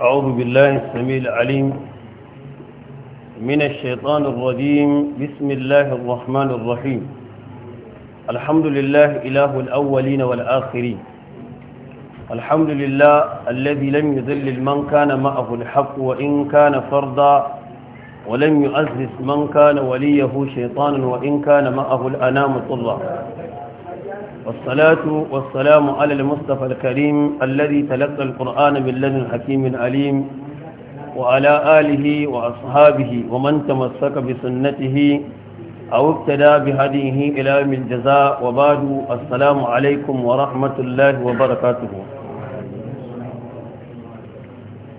أعوذ بالله السميع العليم من الشيطان الرجيم بسم الله الرحمن الرحيم الحمد لله إله الأولين والآخرين الحمد لله الذي لم يذلل من كان معه الحق وإن كان فردا ولم يؤسس من كان وليه شيطانا وإن كان معه الأنام طلا والصلاة والسلام على المصطفى الكريم الذي تلقى القرآن من لدن حكيم عليم وعلى آله وأصحابه ومن تمسك بسنته أو ابتدى بهديه إلى من الجزاء وبعد السلام عليكم ورحمة الله وبركاته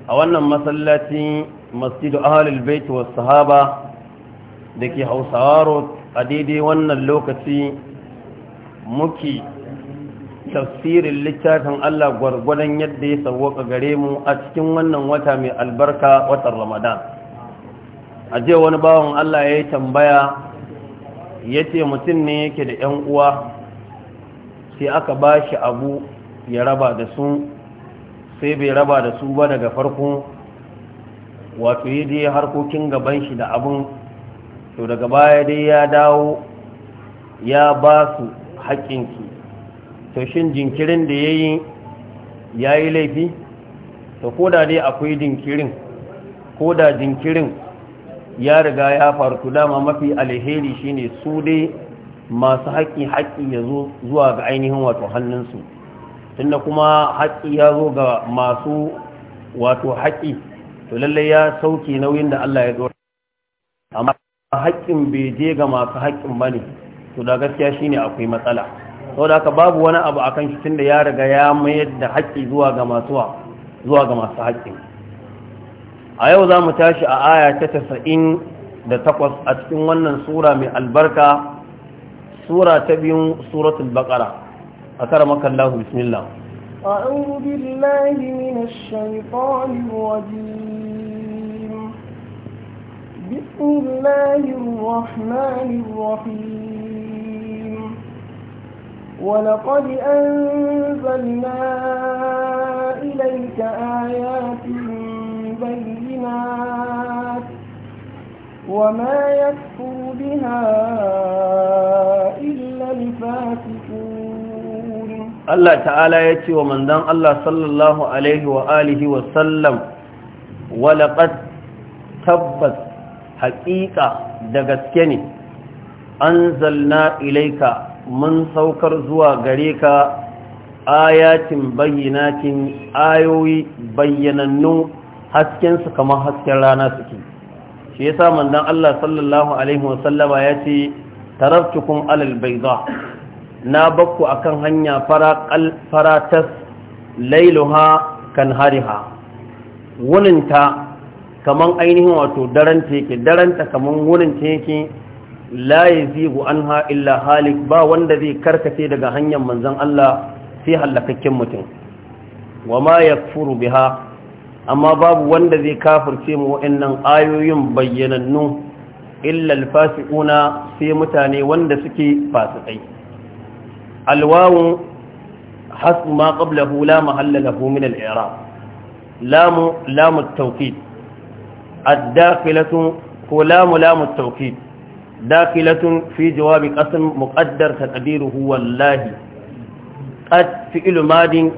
أولا مسلتي مسجد أهل البيت والصحابة دكي حوصارت أديدي ون اللوكتي Muki tafsirin littafin Allah gwargwadon yadda ya sauwaka gare mu a cikin wannan wata mai albarka watan Ramadan a je wani bawan Allah ya yi tambaya ya ce mutum ne yake da 'yan uwa sai aka ba shi abu ya raba da su sai bai raba da su ba daga farko wato yi dai harkokin gaban shi da abin to daga baya dai ya dawo ya ba su haƙƙinki to shin jinkirin da yayi yayi laifi to koda dai akwai jinkirin koda jinkirin ya riga ya faru to dama mafi alheri shine su dai masu haƙƙi haƙƙi ya zuwa ga ainihin wato hannunsu tunda kuma haƙƙi ya zo ga masu wato haƙƙi to lallai ya sauke nauyin da Allah ya dora amma haƙƙin bai je ga masu haƙƙin bane to da gaskiya shine akwai matsala saboda haka babu wani abu akan shi tunda ya riga ya mayar da haƙƙi zuwa ga masu zuwa ga masu haƙƙi a yau za mu tashi a aya ta tasa'in da takwas a cikin wannan sura mai albarka sura ta biyun suratul baqara a kara makallahu bismillah أعوذ بالله من الشيطان الرجيم بسم الله الرحمن الرحيم ولقد أنزلنا إليك آيات بينات وما يكفر بها إلا الفاسقون الله تعالى يتي ومن دان الله صلى الله عليه وآله وسلم ولقد تبت حقيقة دغسكني أنزلنا إليك mun saukar zuwa gare ka ayatin bayyanatin ayoyi bayyanannu haskensu kamar hasken rana suke shi yasa manzon Allah sallallahu alaihi wasallama yace taraftukum alal bayda na bakku akan hanya fara tas. lailuha kan hariha wuninta kaman ainihin wato daranta yake daranta kaman wuninta yake la yazigu anha illa halik ba wanda zai karkace daga hanyar manzon Allah sai halakakken mutum wama yakfuru biha amma babu wanda zai kafirce mu wa'annan ayoyin bayyanannu illa alfasiquna sai mutane wanda suke fasikai alwawu hasbu ma qablahu la mahalla lahu min al-i'rab lamu lamu at-tawkid ad-dakhilatu ko lamu lamu at-tawkid داخلة في جواب قسم مقدر تقديره والله قد فعل ماد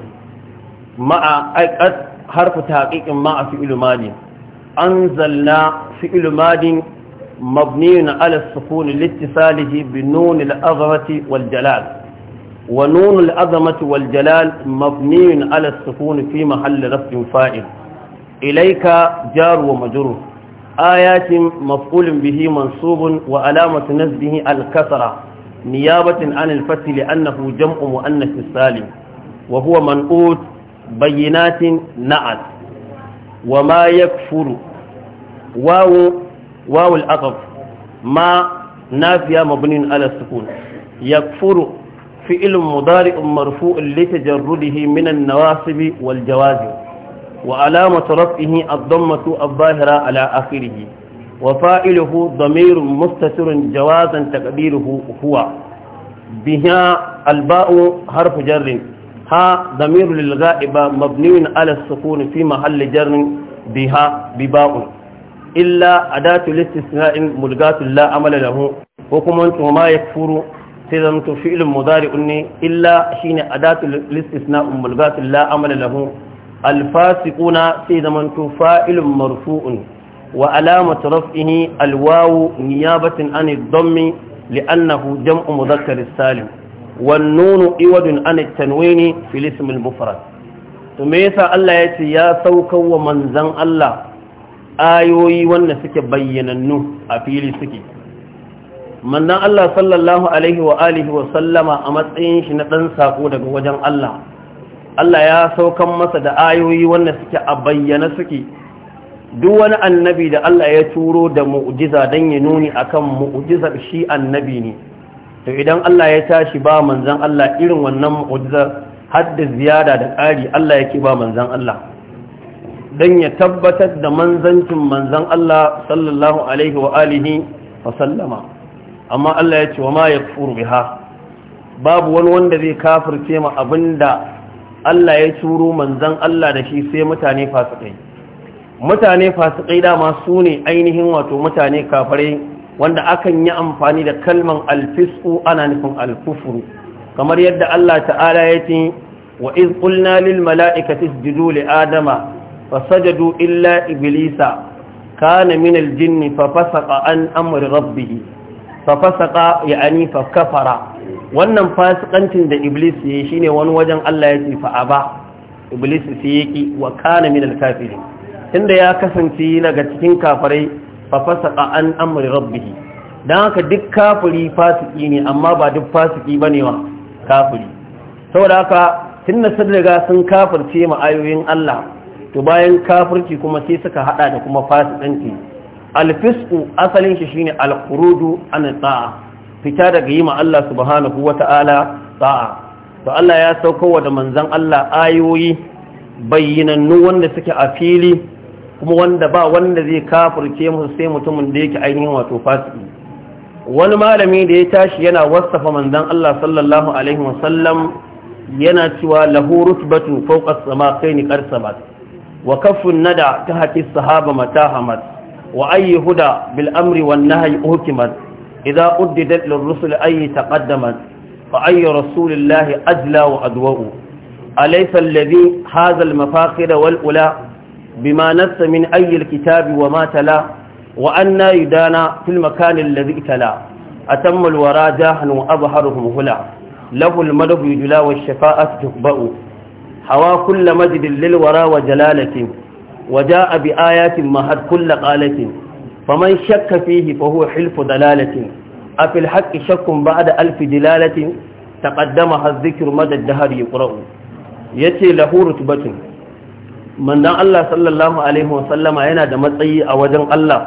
مع قد حرف تحقيق مع فعل ماد أنزلنا فعل ماد مبني على السكون لاتصاله بنون العظمة والجلال ونون العظمة والجلال مبني على السكون في محل رفع فائل إليك جار ومجرور ayatin maf'ulun bihi mansubun wa alamatu nasbihi al-kasra niyabatan an al-fath jam'u muannath salim wa huwa man'ut bayinatin na'at wa ma yakfuru wawu wawu al-aqaf ma nafiya mabnin ala sukun yakfuru fi'l mudari' marfu' li tajarrudihi min an-nawasib wal jawazim وعلامة رفعه الضمة الظاهرة على آخره وفائله ضمير مستتر جوازا تقديره هو بها الباء حرف جر ها ضمير للغائبة مبني على السكون في محل جر بها بباء إلا أداة الاستثناء ملغاة لا أمل له وكم ما يكفر تزمت فعل مضارع إلا شين أداة الاستثناء ملغاة لا أمل له alfasiquna sai zamanto fa'ilun marfu'un wa alamatu raf'ihi alwawu niyabatan an ad-dammi li'annahu jam'u mudhakkar salim wan iwadun an at-tanwini fil to me yasa Allah ya ce ya saukar wa manzan Allah ayoyi wanda suke bayyanannu a fili suke manzan Allah sallallahu alaihi wa alihi wa sallama a matsayin shi na ɗan saƙo daga wajen Allah Allah ya saukan masa da ayoyi wanda suke a bayyana suke duk wani annabi da Allah ya turo da mu'jiza dan ya nuni akan mu'jizar shi annabi ne to idan Allah ya tashi ba manzon Allah irin wannan mu'jizar har da ziyada da ƙari Allah yake ba manzon Allah dan ya tabbatar da manzancin manzon Allah sallallahu alaihi wa alihi wa sallama amma Allah ya ce wa ma yakfuru biha babu wani wanda zai kafirce ma abinda Allah ya turo manzan Allah da shi sai mutane fasikai mutane fasikai dama su ne ainihin wato mutane kafare wanda akan yi amfani da kalman alfisku ana nufin alkufuru kamar yadda Allah ta'ala ya ce wa iz qulna lil mala'ikati isjudu li adama fasajadu illa iblisa kana min al jinni fa fasaqa an amri rabbih fa fasaqa yani fa kafara wannan fasikancin da iblis yayi shine wani wajen Allah ya ce fa ba, iblis sai yake wa kana min al-kafirin tunda ya kasance daga cikin kafirai fa fasaqa an amri rabbih dan haka duk kafiri fasiki ne amma ba duk fasiki bane wa kafiri saboda haka tunda sun riga sun kafirce ma ayoyin Allah to bayan kafirci kuma sai suka hada da kuma fasikanci al-fisqu asalin shi shine al-khuruju an ta'a fita daga yi ma Allah subhanahu wata'ala ta'a to Allah ya wa da manzan Allah ayoyi bayyanannu wanda suke a fili kuma wanda ba wanda zai kafurce musu sai mutumin da yake ainihin wato fasiki wani malami da ya tashi yana wasafa manzan Allah sallallahu alaihi wasallam yana cewa lahu rutbatu fawqa as-samakaini qarsabat wa kaffun nada ta as-sahaba matahamat wa ayyi bil amri wan nahyi uhkimat إذا أددت للرسل أي تقدمت فأي رسول الله أجلى وأدوأ أليس الذي هذا المفاخر والأولى بما نفس من أي الكتاب وما تلا وأنا يدانا في المكان الذي تلا أتم الورى جاها وأظهرهم هلا له المدف يجلى والشفاءة تكبأ حوى كل مجد للورى وجلالة وجاء بآيات مهد كل قالة faman shakka fihi fa huwa hilfu dalalatin a fil haqqi shakkun ba'da alf dilalatin taqaddama hadhikru madad dahar yuqra'u yace lahu rutbatun manzon Allah sallallahu alaihi wasallama yana da matsayi a wajen Allah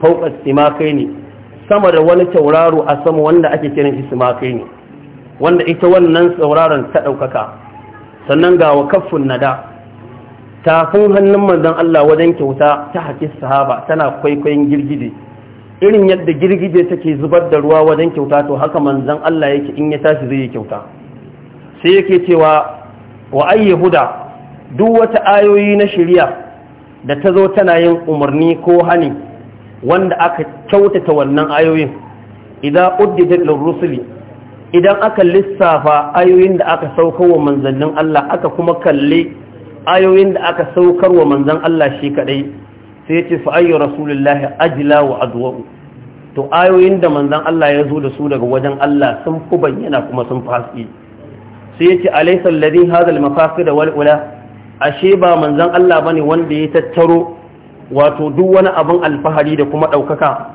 fauka istimakai ne sama da wani tauraro a sama wanda ake kiran istimakai ne wanda ita wannan sauraron ta daukaka sannan gawa kafin na da. tafin hannun Manzan Allah wajen kyauta ta haƙi sahaba tana kwaikwayon girgije irin yadda girgije take zubar da ruwa wajen kyauta to haka Manzan Allah yake in ya tashi zai yi kyauta sai yake cewa wa ayyi huda duk wata ayoyi na shari'a da ta zo tana yin umarni ko hani wanda aka kyautata wannan ayoyin idan uddidat lirrusuli idan aka lissafa ayoyin da aka sauka wa manzannin Allah aka kuma kalle ayoyin da aka saukar wa manzan Allah shi kadai sai ya ce fa ayyu rasulullahi ajla wa adwa to ayoyin da manzan Allah ya zo da su daga wajen Allah sun fi bayyana kuma sun fasi sai ya ce alaysa ladin Hazal al-mafasid wal ula ashe ba manzan Allah ba ne wanda ya tattaro wato duk wani abin alfahari da kuma ɗaukaka,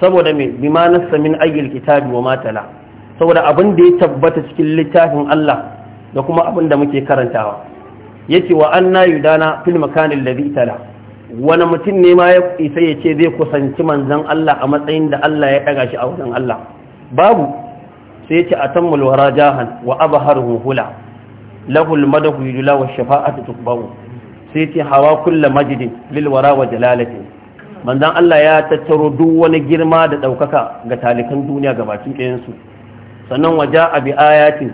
saboda me ma nasa min ayyul kitabi wa matala saboda abin da ya tabbata cikin littafin Allah da kuma abin da muke karantawa yace wa an anna dana fil makanin ladhi tala wani mutum ne ma ya isa ya ce zai kusanci manzan Allah a matsayin da Allah ya ɗaga shi a wajen Allah babu sai yace atammul wara jahan wa abharuhu hula lahul madahu yudla wa shafa'atu tukbahu sai yace hawa kullu Majidin, lil wara wa jalalati manzon Allah ya tattaro duk wani girma da ɗaukaka ga talikan duniya gabatin ɗayan su sannan waja abi ayatin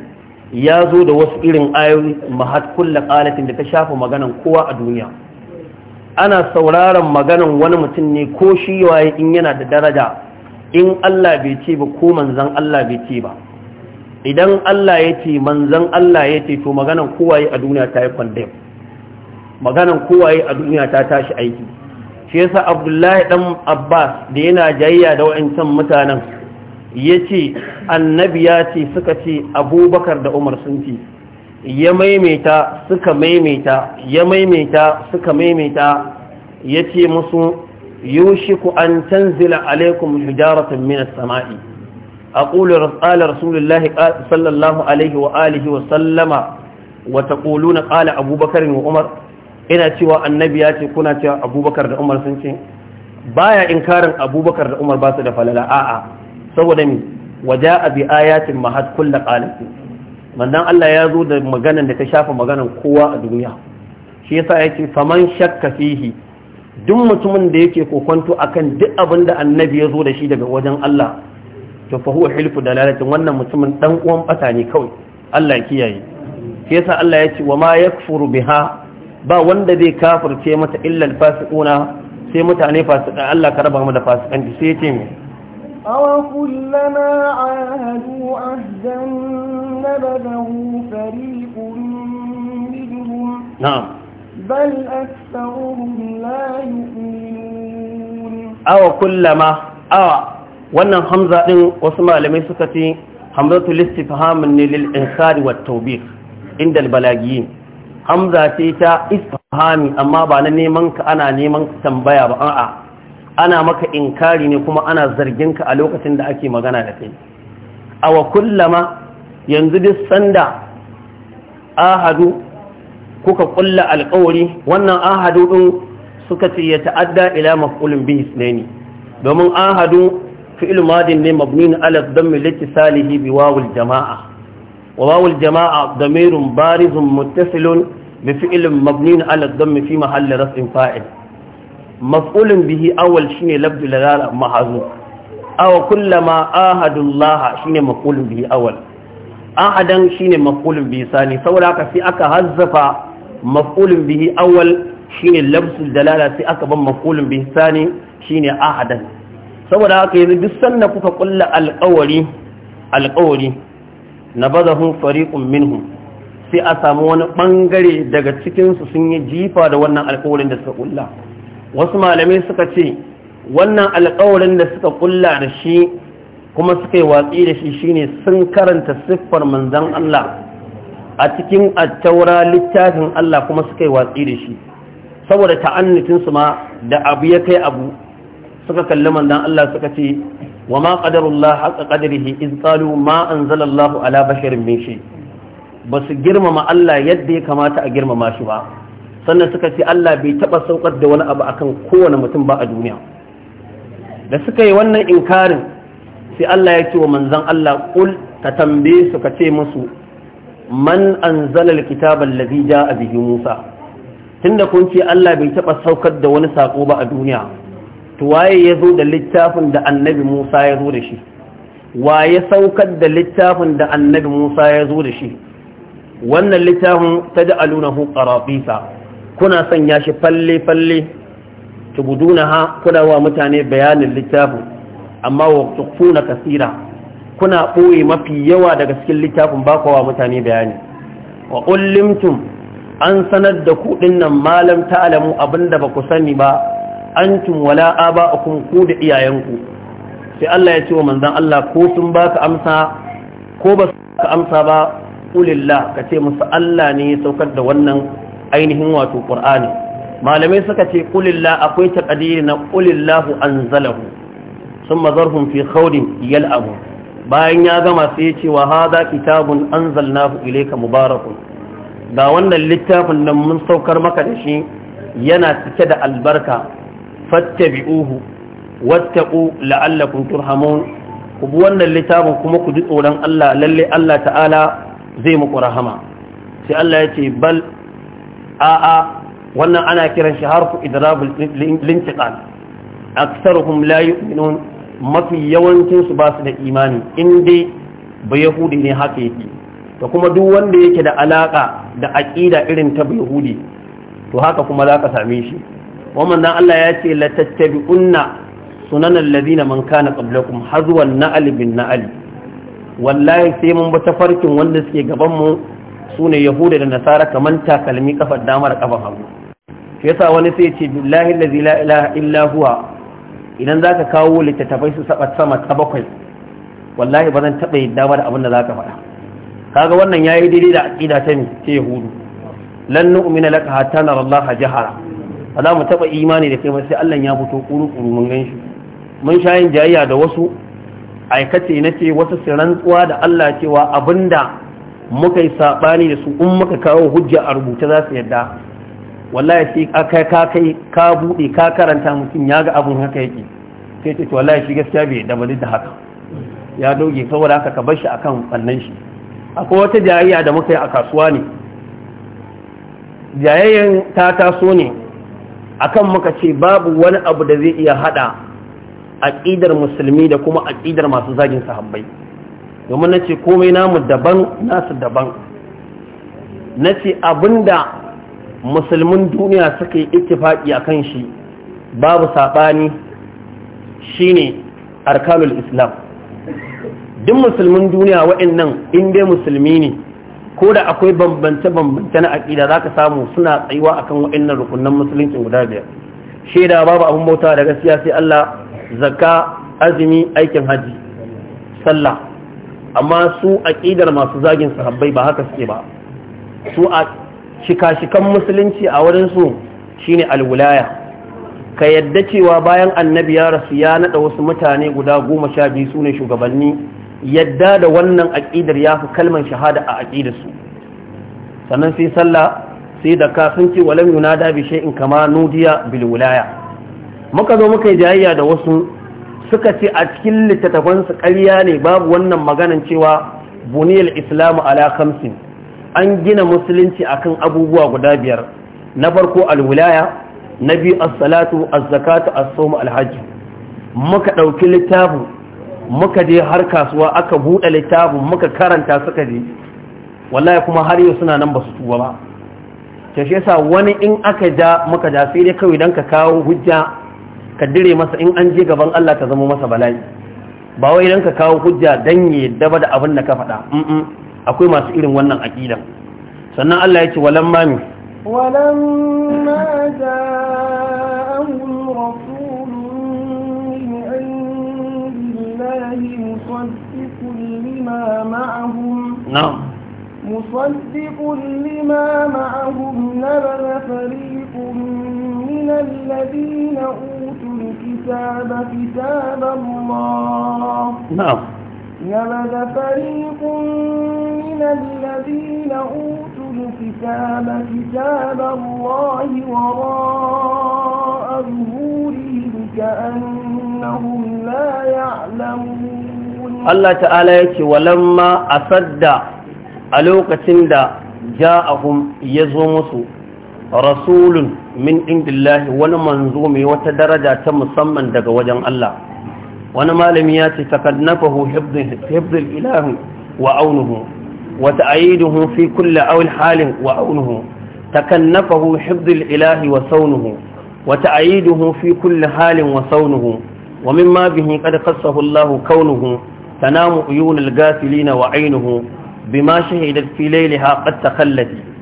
ya zo da wasu irin ayoyi mahat kulla qalatin da ta shafa maganan kowa a duniya ana sauraron maganan wani mutum ne ko shi waye in yana da daraja in Allah bai ce ba ko manzon Allah bai ce ba idan Allah ya ce manzon Allah ya ce to maganan kowa a duniya ta yi kwandem maganan kowa a duniya ta tashi aiki shi yasa Abdullahi dan Abbas da yana jayya da wa'ancan mutanen ya ce annabiya ce suka ce abubakar da umar sun ce ya maimaita suka maimaita ya maimaita suka maimaita ya ce musu yushiku an tanzila alaikum hijaratun minas sama'i a ƙular tsalar rasulullahi sallallahu alaihi wa alihi wa sallama wata ƙulu na ƙala abubakar da umar ina cewa annabi ya ce kuna cewa abubakar da umar sun ce baya inkarin abubakar da umar ba su da falala a'a saboda mi a bi ayatin mahad kullu qalati manzon Allah ya zo da maganan da ta shafa maganan kowa a duniya shi yasa yake faman shakka fihi duk mutumin da yake kokonto akan duk abin da annabi ya zo da shi daga wajen Allah to fa huwa hilfu dalalatin wannan mutumin dan uwan bata ne kawai Allah ya kiyaye shi yasa Allah ya ce wa ma yakfuru biha ba wanda zai kafirce mata illa al-fasiquna sai mutane fasika Allah ka raba mu da fasikanci sai ya ce mai أَوَكُلَّمَا عَاهَدُوا عَهْدًا نَبَذَهُ فَرِيقٌ مِّنْهُمْ نعم بَلْ أَكْثَرُهُمْ لَا يُؤْمِنُونَ أَوَكُلَّمَا أَوَ wannan hamza din wasu malamai suka ce hamzatu istifham ne lil insari wat tawbih inda albalagiyin hamza ce ta istifhami amma ba na neman ka ana neman tambaya ba a'a ana maka inkari ne kuma ana zarginka a lokacin da ake magana da kai awa kullama yanzu duk sanda ahadu kuka kulla alkawari wannan ahadu din suka ce ya ta'adda ila maf'ulin bihi sunaini domin ahadu fi'il madin ne mabni na alaf don salihi bi wawul jama'a wa wawul jama'a damirun barizun muttasilun bi fi'ilin mabni na alaf don fi mahalli rafin fa'il maf'ulun bihi awal shine labdu lalala mahazu aw kullama ahadullah shine maf'ulun bihi awal. ahadan shine maf'ulun bihi sani saboda haka sai aka hazzafa maf'ulun bihi awal shine labdu dalala sai aka ban maf'ulun bihi sani shine ahadan saboda haka yanzu duk sanna kuka kulla alƙawari alƙawari nabadahu fariqun minhum sai a samu wani bangare daga cikin su sun yi jifa da wannan alƙawarin da suka kulla wasu malamai suka ce wannan alƙawarin da suka kulla da shi kuma suka yi watsi da shi shine sun karanta siffar manzan Allah a cikin attaura littafin Allah kuma suka yi watsi da shi saboda ta'annitinsu ma da abu ya kai abu suka kalli manzan Allah suka ce wa ma qadarullah haqa qadrihi iz qalu ma anzalallahu ala basharin min shay basu girmama Allah yadda ya kamata a girmama shi ba sannan suka ce Allah bai taɓa saukar da wani abu akan kowane mutum ba a duniya da suka yi wannan inkarin sai Allah ya ce wa manzan Allah ƙul ka tambaye su ka ce musu man an zalar kitaban lafi a bihi Musa tunda kun ce Allah bai taɓa saukar da wani saƙo ba a duniya to waye ya zo da littafin da annabi Musa ya zo da shi waye saukar da littafin da annabi Musa ya zo da shi wannan littafin ta da alunahu kuna sanya shi falle falle gudu na ha kuna wa mutane bayanin littafin amma wa tukfuna kasira kuna ɓoye mafi yawa daga cikin littafin ba wa mutane bayani wa kullimtum an sanar da kuɗin nan malam ta alamu abinda ba ku sani ba an tun wala kun ku da iyayenku sai Allah ya ce wa manzan Allah ko sun baka amsa ko ba ka amsa ba ulillah ka ce musu Allah ne ya saukar da wannan ainihin wato ƙur'ani malamai suka ce qulillah akwai taqdiri na qulillahu anzalahu thumma zarhum fi yal abu, bayan ya gama sai ya ce wa hadha kitabun anzalnahu ilayka mubarakun ga wannan littafin nan mun saukar maka da shi yana cike da albarka fattabi'uhu wattaqu la'allakum turhamun ku bi wannan littafin kuma ku ji tsoron Allah lalle Allah ta'ala zai muku rahama sai Allah ya ce bal a'a wannan ana kiran shi harfu idrabul lintiqal aktsaruhum la yu'minun mafi yawancin su ba su da imani in dai ba yahudi ne haka yake to kuma duk wanda yake da alaka da aqida irin ta yahudi to haka kuma za ka same shi wannan dan Allah ya ce la tattabi'unna sunanal ladina man kana qablakum hazwan na'al bin na'al wallahi sai mun ba farkin wanda suke gaban mu su ne yahuda da nasara kamar takalmi kafar damar kafar hagu shi yasa wani sai ce billahi allazi la ilaha illa huwa idan zaka kawo littattafai su saba sama ta bakwai wallahi ba zan taba yadda ba da abin da zaka faɗa kaga wannan yayi daidai da aqida ta mi yahudu lan nu'mina laka hatta nara Allah jahara ba za mu taba imani da kai ba sai Allah ya fito kuru kuru mun mun sha yin jayayya da wasu aikace na ce wasu su rantsuwa da Allah cewa abinda muka yi saɓani da su in muka kawo hujja a rubuta za su yadda wallahi sai aka ka ka buɗe ka karanta mutum ya ga abin haka yake sai ce wallahi shi gaskiya bai da bali da haka ya doge saboda haka ka bar shi akan wannan shi akwai wata jayayya da muka yi a kasuwa ne jayayyan ta taso ne akan muka ce babu wani abu da zai iya hada aƙidar musulmi da kuma aƙidar masu zagin sahabbai domin na ce komai namu daban nasu daban na ce abinda musulmin duniya suka yi ittifaki a kan shi babu saɓani shi ne arkanul islam duk musulmin duniya waɗannan inda musulmi ne ko da akwai bambance-bambance na aƙida za ka samu suna tsayuwa a akan waɗannan rukunan musuluncin guda biyar shaida babu abin bauta da gaskiya sai Allah zakka azumi aikin hajji sallah amma su aƙidar masu zagin sahabbai ba haka suke ba su a shika-shikan musulunci a wurinsu ne alwulaya ka yadda cewa bayan annabi ya rasu ya naɗa wasu mutane guda goma sha biyu su ne shugabanni yadda da wannan aƙidar ya fi kalman shahada a aƙidarsu sannan sai sallah sai da ka sun ce walam yunada bi in kama nudiya bilwulaya muka zo muka yi jayayya da wasu suka ce a cikin littattafansu ƙarya ne babu wannan maganan cewa buniyar islamu ala kamsin an gina musulunci akan abubuwa guda biyar na farko alwilaya na biyu as-salatu az-zakatu as-sawm al-hajj muka dauki littafin muka je har kasuwa aka buɗe littafin muka karanta suka je wallahi kuma har yau suna nan ba su tuba ba ta shi wani in aka ja muka ja sai dai kawai dan ka kawo hujja ka dire masa in an je gaban Allah ka zama masa bala'i ba wai idan ka kawo hujja dan ya daba da abin da ka faɗa akwai masu irin wannan aqidan sannan Allah ya ce walan mami Walan walam ma ja'ahum rasulun min مصدق لما معهم نبذ فريق من الذين أوتوا الكتاب كتاب الله نعم يلد فريق من الذين أوتوا الكتاب كتاب الله وراء ظهورهم كأنهم لا يعلمون الله تعالى يقول ولما أصد ألوك تندى جاءهم يزومسوا rasulun min indillahi wani manzumi wata daraja ta musamman daga wajen Allah wani malami ya ce takadnafahu hibdul ilahi wa aunuhu wa ta'ayiduhu fi kulli awil halin wa aunuhu takannafahu hibdul ilahi wa saunuhu wa ta'ayiduhu fi kulli halin wa saunuhu wa min mimma bihi qad khassahu Allah kaunuhu tanamu uyunul gafilina wa ainuhu bima shahidat fi layliha qad takhallati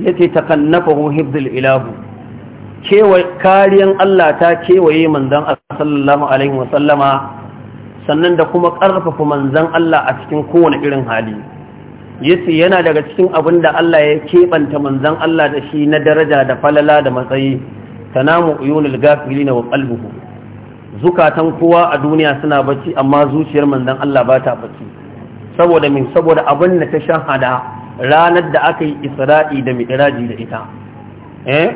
yace takannafahu hibdul ilahu kariyan Allah ta kewaye manzon sallallahu alaihi wasallama sannan da kuma ƙarfafa Manzan Allah a cikin kowane irin hali yace yana daga cikin abinda Allah ya keɓanta manzon Allah da shi na daraja da falala da matsayi tanamu uyunul gafilina wa qalbuhu zukatan kowa a duniya suna bacci amma zuciyar manzon Allah ba ta bacci saboda min saboda abin da ta shahada ranar da aka yi isra'i da mi'iraji da ita eh?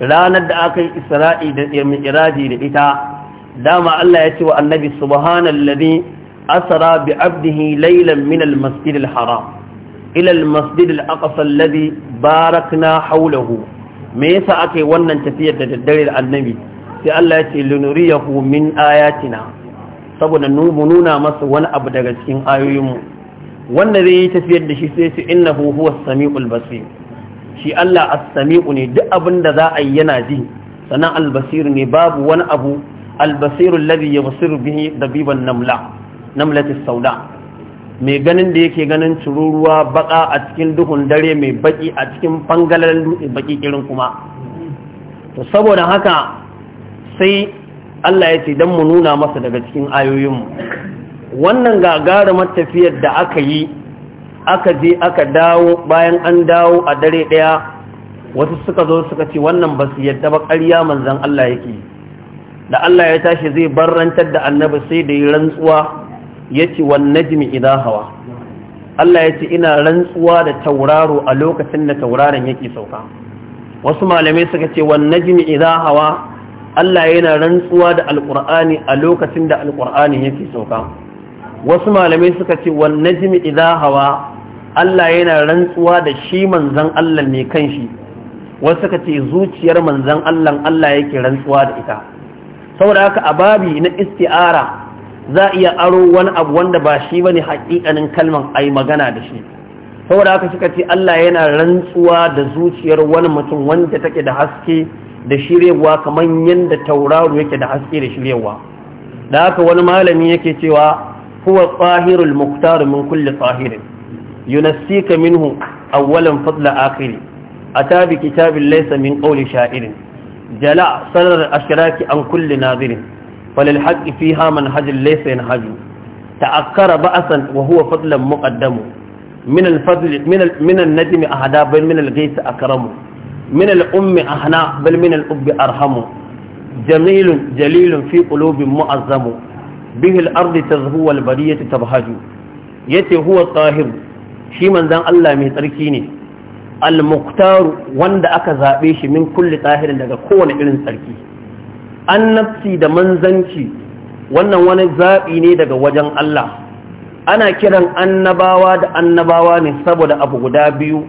ranar da aka yi isra'i da mi'iraji da ita dama Allah ya ce wa annabi subhanallazi asra bi abdihi laylan min al-masjid al-haram ila al-masjid al-aqsa alladhi barakna hawlahu me yasa aka yi wannan tafiyar da daddare da annabi sai Allah ya ce linuriyahu min ayatina saboda mu nuna masa wani abu daga cikin ayoyinmu wanda zai yi tafiyar da shi sai su inna huwa samiul basir shi Allah as-sami'u ne duk abin da za a yi yana ji sannan al-basir ne babu wani abu al-basiru alladhi yabsiru bihi dabiban namla namlatis sauda mai ganin da yake ganin cururuwa baka a cikin duhun dare mai baki a cikin fangalalen dutse baki kirin kuma to saboda haka sai Allah ya ce dan mu nuna masa daga cikin ayoyinmu wannan gagarumar tafiyar da aka yi aka je aka dawo bayan an dawo a dare ɗaya wasu suka zo suka ce wannan ba su yadda ba ƙarya manzan Allah yake da Allah ya tashi zai barrantar da annabi sai da yi rantsuwa ya ce wan najimi ina hawa Allah ya ce ina rantsuwa da tauraro a lokacin da tauraron yake sauka wasu malamai suka ce wan najimi ina hawa Allah yana rantsuwa da Alƙur'ani a lokacin da alkur'ani yake sauka wasu malamai suka ce wa najmi idza hawa Allah yana rantsuwa da shi manzon Allah ne kanshi wasu suka ce zuciyar manzon Allah Allah yake rantsuwa da ita saboda haka a babi na isti'ara za iya aro wani abu wanda ba shi bane haƙiƙanin kalman ai magana da shi saboda haka suka ce Allah yana rantsuwa da zuciyar wani mutum wanda take da haske da shirewa kamar yanda tauraro yake da haske da shirewa da haka wani malami yake cewa هو الطاهر المختار من كل طاهر ينسيك منه أولا فضل آخر أتى بكتاب ليس من قول شاعر جلع صدر الأشراك عن كل ناظر فللحق فيها منهج ليس ينهج تأكر بأسا وهو فضلا مقدم من الفضل من من الندم أهدا بل من الغيث أكرم من الأم أهنا بل من الأب أرحم جميل جليل في قلوب معظم bihi al-ardi tazhu wal bariyatu tabhaju yace huwa tahir shi manzon Allah mai tsarki ne al-muqtar wanda aka zaɓe shi min kulle tahirin daga kowane irin tsarki annabci da manzanci wannan wani zaɓi ne daga wajen Allah ana kiran annabawa da annabawa ne saboda abu guda biyu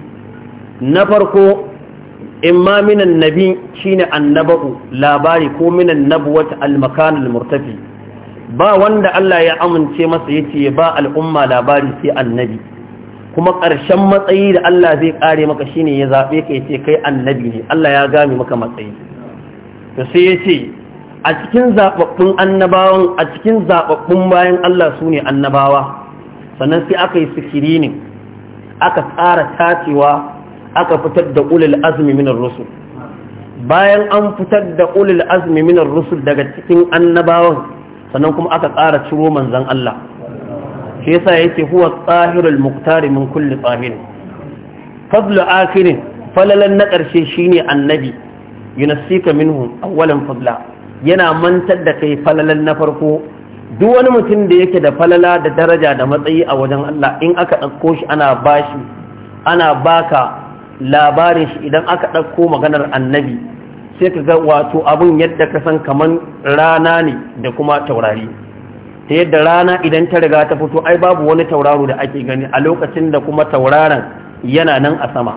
na farko imma minan nabi shine annaba'u labari ko minan nabuwat al-makan murtafi ba wanda Allah ya amince masa ya ce ba al'umma labari sai annabi kuma ƙarshen matsayi da Allah zai ƙare maka shi ne ya zaɓe ka ya ce kai annabi ne Allah ya gami maka matsayi da sai ya ce a cikin zaɓaɓɓun annabawan a cikin zaɓaɓɓun bayan Allah su ne annabawa sannan sai aka yi sikiri ne aka tsara tacewa aka fitar da ulul azumi minar rusul bayan an fitar da ulul azumi minar rusul daga cikin annabawan sannan kuma aka ƙara ciro manzan Allah shi yasa yake huwa tsahirul muktari min kulli tsahirin fadlu akhirin falalan na ƙarshe shine annabi yunassika minhu awwalan fadla yana mantar da kai falalan na farko duk wani mutum da yake da falala da daraja da matsayi a wajen Allah in aka ɗauko shi ana bashi ana baka labarin shi idan aka ɗauko maganar annabi sai ka ga wato abun yadda ka san kaman rana ne da kuma taurari ta yadda rana idan ta riga ta fito ai babu wani tauraro da ake gani a lokacin da kuma tauraron yana nan a sama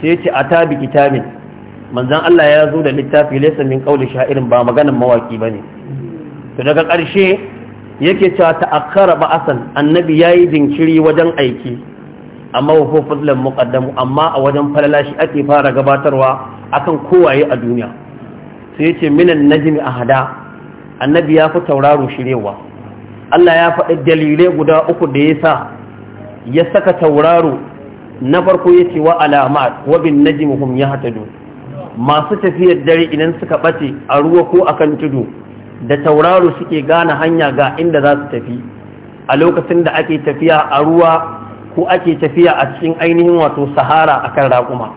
sai ce a tabi kitabin manzan Allah ya zo da littafi lesa min kauli sha'irin ba maganan mawaki ba ne to daga ƙarshe yake cewa ta ta'akkara ba'asan annabi yayi jinkiri wajen aiki amma wa fadlan muqaddamu amma a wajen falala shi ake fara gabatarwa akan kowaye a duniya sai ya ce minan najmi ahada annabi ya fi tauraro shirewa Allah ya faɗi dalilai guda uku da ya sa ya saka tauraro na farko ya ce wa alamat wa bin najmi hum yahtadu masu tafiyar dare idan suka bace a ruwa ko akan tudu da tauraro suke gane hanya ga inda za su tafi a lokacin da ake tafiya a ruwa ko ake tafiya a cikin ainihin wato sahara akan raƙuma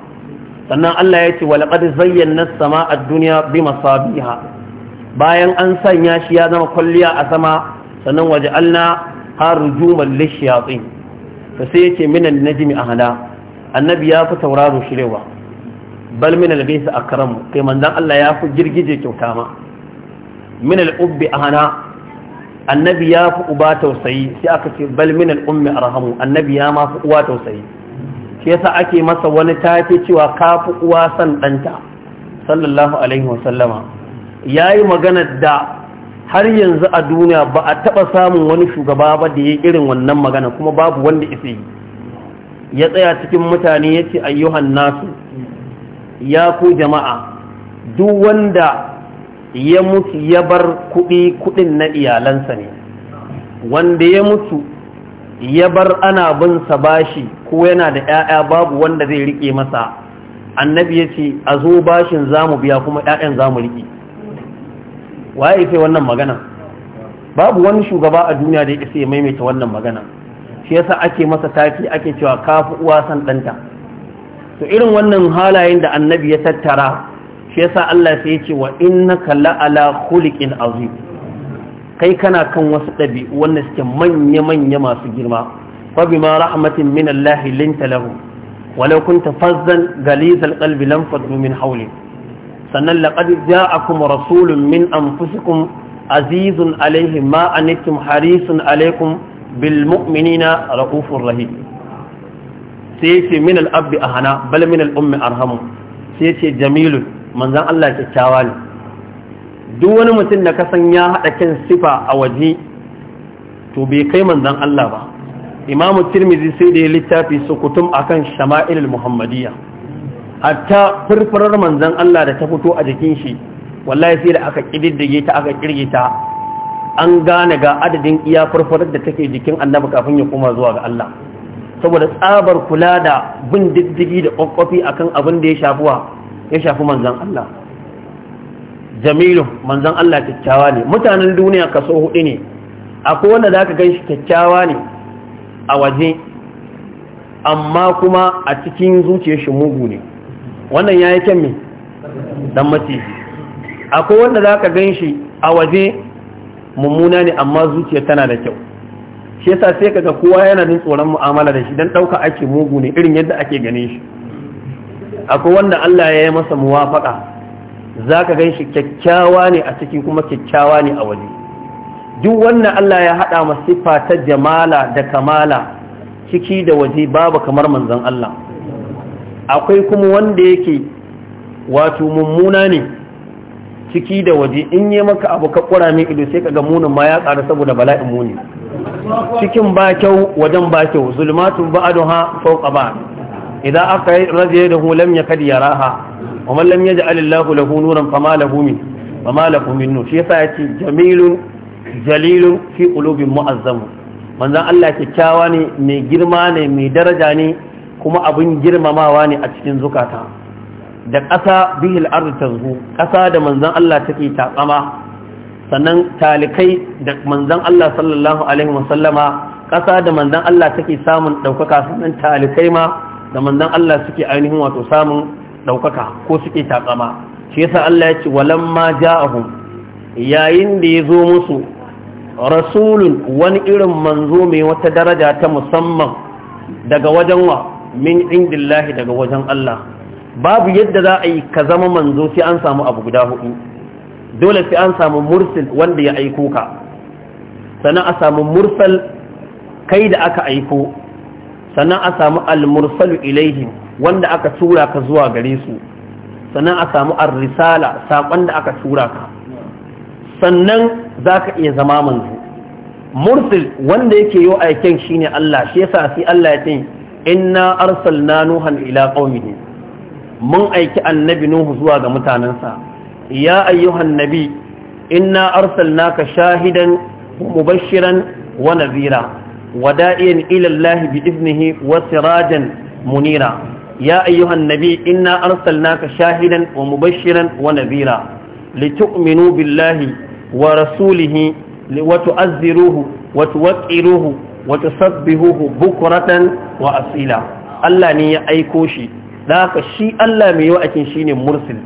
sannan Allah ya ce walaƙar zayyana sama a duniya bi masabiha bayan an sanya shi ya zama kwalliya a sama sannan waje Allah har rujumar lishiyatsi ta sai yake minan najimi a hana, annabi ya fi tauraro shirewa bal minal gaisa a karanmu kai manzan Allah ya fi girgije kyauta ma minal ubbi a hana annabi ya fi uba tausayi sai aka ce bal minal ummi arhamu annabi ya ma fi uwa tausayi shi yasa ake masa wani tafi cewa kafi uwa san ɗanta sallallahu alaihi wasallama ya yi maganar da har yanzu a duniya ba a taɓa samun wani shugaba ba da ya irin wannan magana kuma babu wanda isa yi ya tsaya cikin mutane ya ce ayyuhan nasu ya ku jama'a duk wanda ya mutu ya bar kuɗi kuɗin na iyalansa ne wanda ya mutu ya bar ana bin sa bashi ko yana da 'ya'ya babu wanda zai rike masa annabi ya ce a zo bashin zamu biya kuma 'ya'yan zamu rike waye sai wannan magana babu wani shugaba a duniya da ya sai maimaita wannan magana shi yasa ake masa taki ake cewa kafi uwa san danta to irin wannan halayen da annabi ya tattara shi yasa Allah sai ya ce wa innaka la'ala khuliqin azim kai kana kan wasu ɗabi'u wanda suke manya-manya masu girma fa rahmatin min Allah linta lahu walau kunta fazzan galizal qalbi lam fadhu min hawli sannan laqad ja'akum rasulun min anfusikum azizun alayhi ma anittum harisun alaykum bil mu'minina raufur rahim sai ce min al-abdi ahana bal min al-ummi arhamu sai ce jamilun manzan Allah kyakkyawa ne duk wani mutum da kasan ya haɗa kyan sifa a waje to bai kai manzan Allah ba imamu tirmizi sai da ya littafi su kutum a kan shama'ilul muhammadiyya hatta furfurar manzan Allah da ta fito a jikin shi wallahi sai da aka ƙididdige ta aka ƙirge ta an gane ga adadin iya furfurar da take jikin annabi kafin ya koma zuwa ga Allah saboda tsabar kula da bin diddigi da a akan abin da ya shafuwa ya shafi manzan Allah jamilu manzon Allah kyakkyawa ne mutanen duniya kaso hudu ne akwai wanda za gan ganshi kyakkyawa ne a waje amma kuma a cikin zuciyar shi mugu ne wannan yayi kyan me dan mace akwai wanda za gan shi a waje mummuna ne amma zuciyar tana da kyau shi yasa sai kaga kowa yana jin tsoron mu'amala da shi dan dauka ake mugu ne irin yadda ake gane shi akwai wanda Allah ya yi masa muwafaka za ka gan shi kyakkyawa ne a ciki kuma kyakkyawa ne a waje duk wannan Allah ya haɗa ma siffa ta jamala da kamala ciki da waje babu kamar manzon Allah akwai kuma wanda yake wato mummuna ne ciki da waje in yi maka abu ka ƙura min ido sai ka ga munin ma ya ƙara saboda bala'in muni cikin ba kyau wajen ba kyau zulmatun ba'aduha fauƙa ba idan aka yi raje da ya kadi ya raha. wa man lam yaj'al Allahu lahu nuran fama lahu min fama lahu min nur shi yasa yace jamilun jalilun fi qulubin mu'azzam Allah kyakkyawa ne mai girma ne mai daraja ne kuma abin girmamawa ne a cikin zukata da ƙasa bihil ardu tazhu ƙasa da manzon Allah take taƙama sannan talikai da manzon Allah sallallahu alaihi wasallama ƙasa da manzon Allah take samun ɗaukaka sannan talikai ma da manzon Allah suke ainihin wato samun ɗaukaka ko suke takama shi yasa Allah ya ce walamma ja'ahum yayin da ya zo musu rasulun wani irin manzo mai wata daraja ta musamman daga wajen wa min indillahi daga wajen Allah babu yadda za a yi ka zama manzo sai an samu abu guda hudu dole sai an samu mursil wanda ya aiko ka sannan a samu mursal kai da aka aiko sannan a samu almursalu ilaihim wanda aka tura ka zuwa gare su sannan a samu ar-risala saƙon da aka tura ka sannan za ka iya zama manzo mursil wanda yake yi aiken shine Allah shi yasa sai Allah ya ce inna na nuhan ila qaumihi mun aiki annabi nuhu zuwa ga mutanensa ya ayyuhan nabi inna naka shahidan mubashiran wa nadhira wada'iyan ila Allah bi iznihi wa sirajan munira يا أيها النبي إنا أرسلناك شاهدا ومبشرا ونذيرا لتؤمنوا بالله ورسوله وتؤذروه وتوقروه وتسبهوه بكرة وأصيلا الله ني أيكوشي ذاك الشيء الله ميوأكين شيني مرسل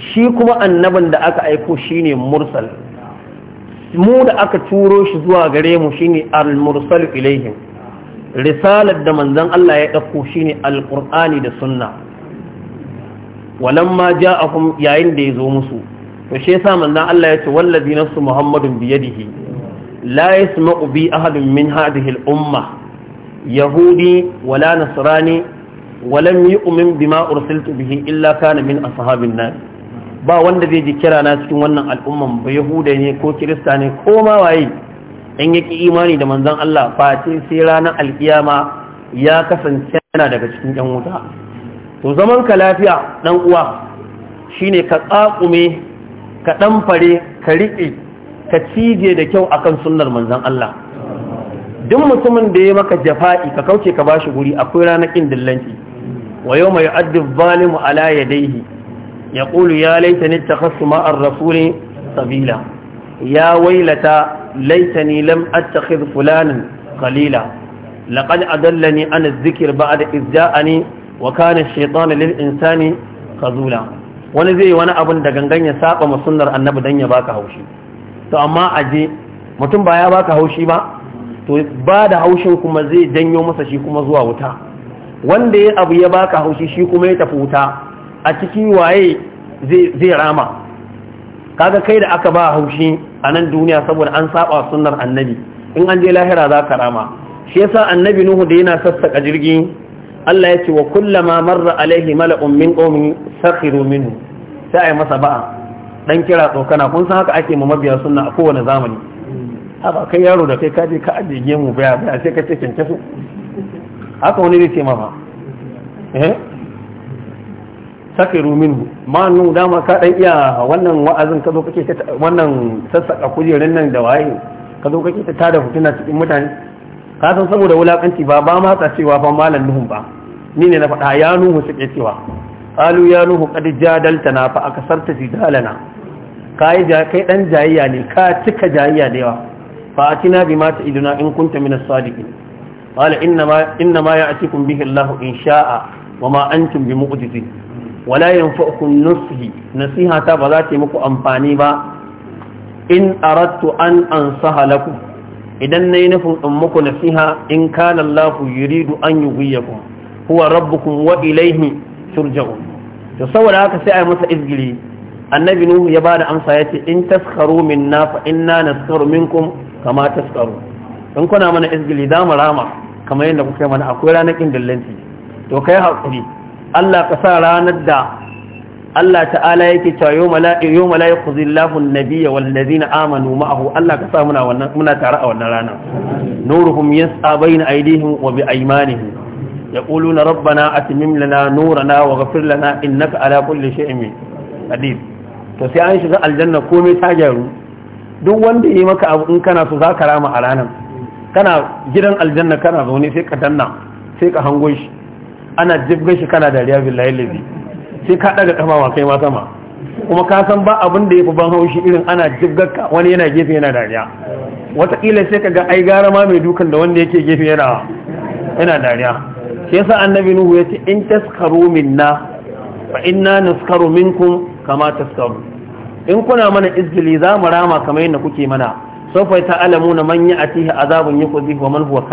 shi kuma annaban da aka aiko shine mursal mu da aka turo shi zuwa gare mu shine al-mursal ilaihim risalar da manzon Allah ya dauko shine Alƙur'ani da sunna walamma ja'akum yayin da zo musu to shi yasa manzon Allah ya ce wallazi nafsu muhammadun bi la yasma'u bi ahadun min hadhihi al-umma yahudi wala nasrani walam yu'min bima ursiltu bihi illa kana min ashabin nar ba wanda zai ji kira na cikin wannan al'umman ba yahuda ne ko kirista ne ko ma waye in yake imani da manzon Allah face sai ranar alkiyama ya kasance yana daga cikin yan wuta to zaman ka lafiya dan uwa shine ka tsakume ka ɗan fare ka riƙe ka cije da kyau akan sunnar manzon Allah duk mutumin da ya maka jafa'i ka kauce ka bashi guri akwai ranar ƙin dillanci wa yawma yu'addu adh ya ala yadayhi yaqulu ya laitani ittakhadhtu ma'a ar-rasuli sabila ya wailata laitani lam attakhidh fulanan qalila laqad adallani an adh-dhikr ba'da idh ni wa kana ash-shaytanu lil insani khazula wani zai wani abun da gangan ya saba ma sunnar annabi dan ya baka haushi to amma aje mutum ba ya baka haushi ba to ba da haushin kuma zai janyo masa shi kuma zuwa wuta wanda ya abu ya baka haushi shi kuma ya tafi wuta a cikin waye zai rama kaga kai da aka ba haushi a nan duniya saboda an saba sunnar annabi in an je lahira za ka rama shi yasa annabi nuhu da yana sassaka jirgi Allah ya ce wa kullama marra alaihi mala'un min qaumin sakhiru minhu sai ai masa ba'a dan kira tsokana kun san haka ake mu mabiya sunna a kowane zamani haba kai yaro da kai kaje ka ajiye gemu baya baya sai ka ce kyankyaso haka wani zai ce ma eh? sakiru minhu ma nu dama ka dan iya wannan wa'azin ka zo kake wannan sassaka kujerin nan da waye ka zo kake ta tada fituna cikin mutane ka san saboda wulakanci ba ba ma cewa ba malan nuhun ba ni ne na faɗa ya nuhu suke cewa qalu ya nuhu qad na fa akasarta jidalana kai ja kai dan jayayya ne ka cika jayayya da yawa fa atina bima iduna in kunta min as-sadiqin qala inna ma inna ma ya'tikum bihi Allahu in sha'a wa ma antum mu'jizin wala yanfa'ukum nushi nasiha ta ba za ta yi muku amfani ba in aradtu an ansaha lakum idan nayi nufin in muku nasiha in kana Allah yuridu an yughyikum huwa rabbukum wa ilayhi turja'un to saboda haka sai ai masa izgiri annabi nuhu ya bada amsa yace in taskharu minna fa inna naskharu minkum kama taskharu in kuna mana izgili da mu rama kamar yadda kuka mana akwai ranakin dillanci to kai hakuri Allah ka sa ranar da Allah ta'ala yake cewa yau mala'i yau mala'i khuzillahu an-nabiyya wal ladina amanu ma'ahu Allah ka sa muna wannan muna tare a wannan ranar nuruhum yas'a bayna aydihim wa bi aymanihim yaquluna rabbana atmim lana nurana wa ghfir lana innaka ala kulli shay'in qadir to sai an shiga aljanna komai ta gyaru duk wanda yi maka abu in kana so zaka rama a ranar kana gidan aljanna kana zaune sai ka danna sai ka hango shi ana jibgan shi kana dariya billahi lazi sai ka daga wa kai ma sama kuma ka san ba abin da yafi ban haushi irin ana jibgarka wani yana gefe yana dariya wataƙila sai ka ga ai gara ma mai dukan da wanda yake gefe yana yana dariya sai yasa annabi nuhu ya ce in taskaru minna fa inna naskaru minkum kama taskaru in kuna mana izgili za mu rama kamar yadda kuke mana sofa ta na manya a tihi azabun kuzi wa man huwa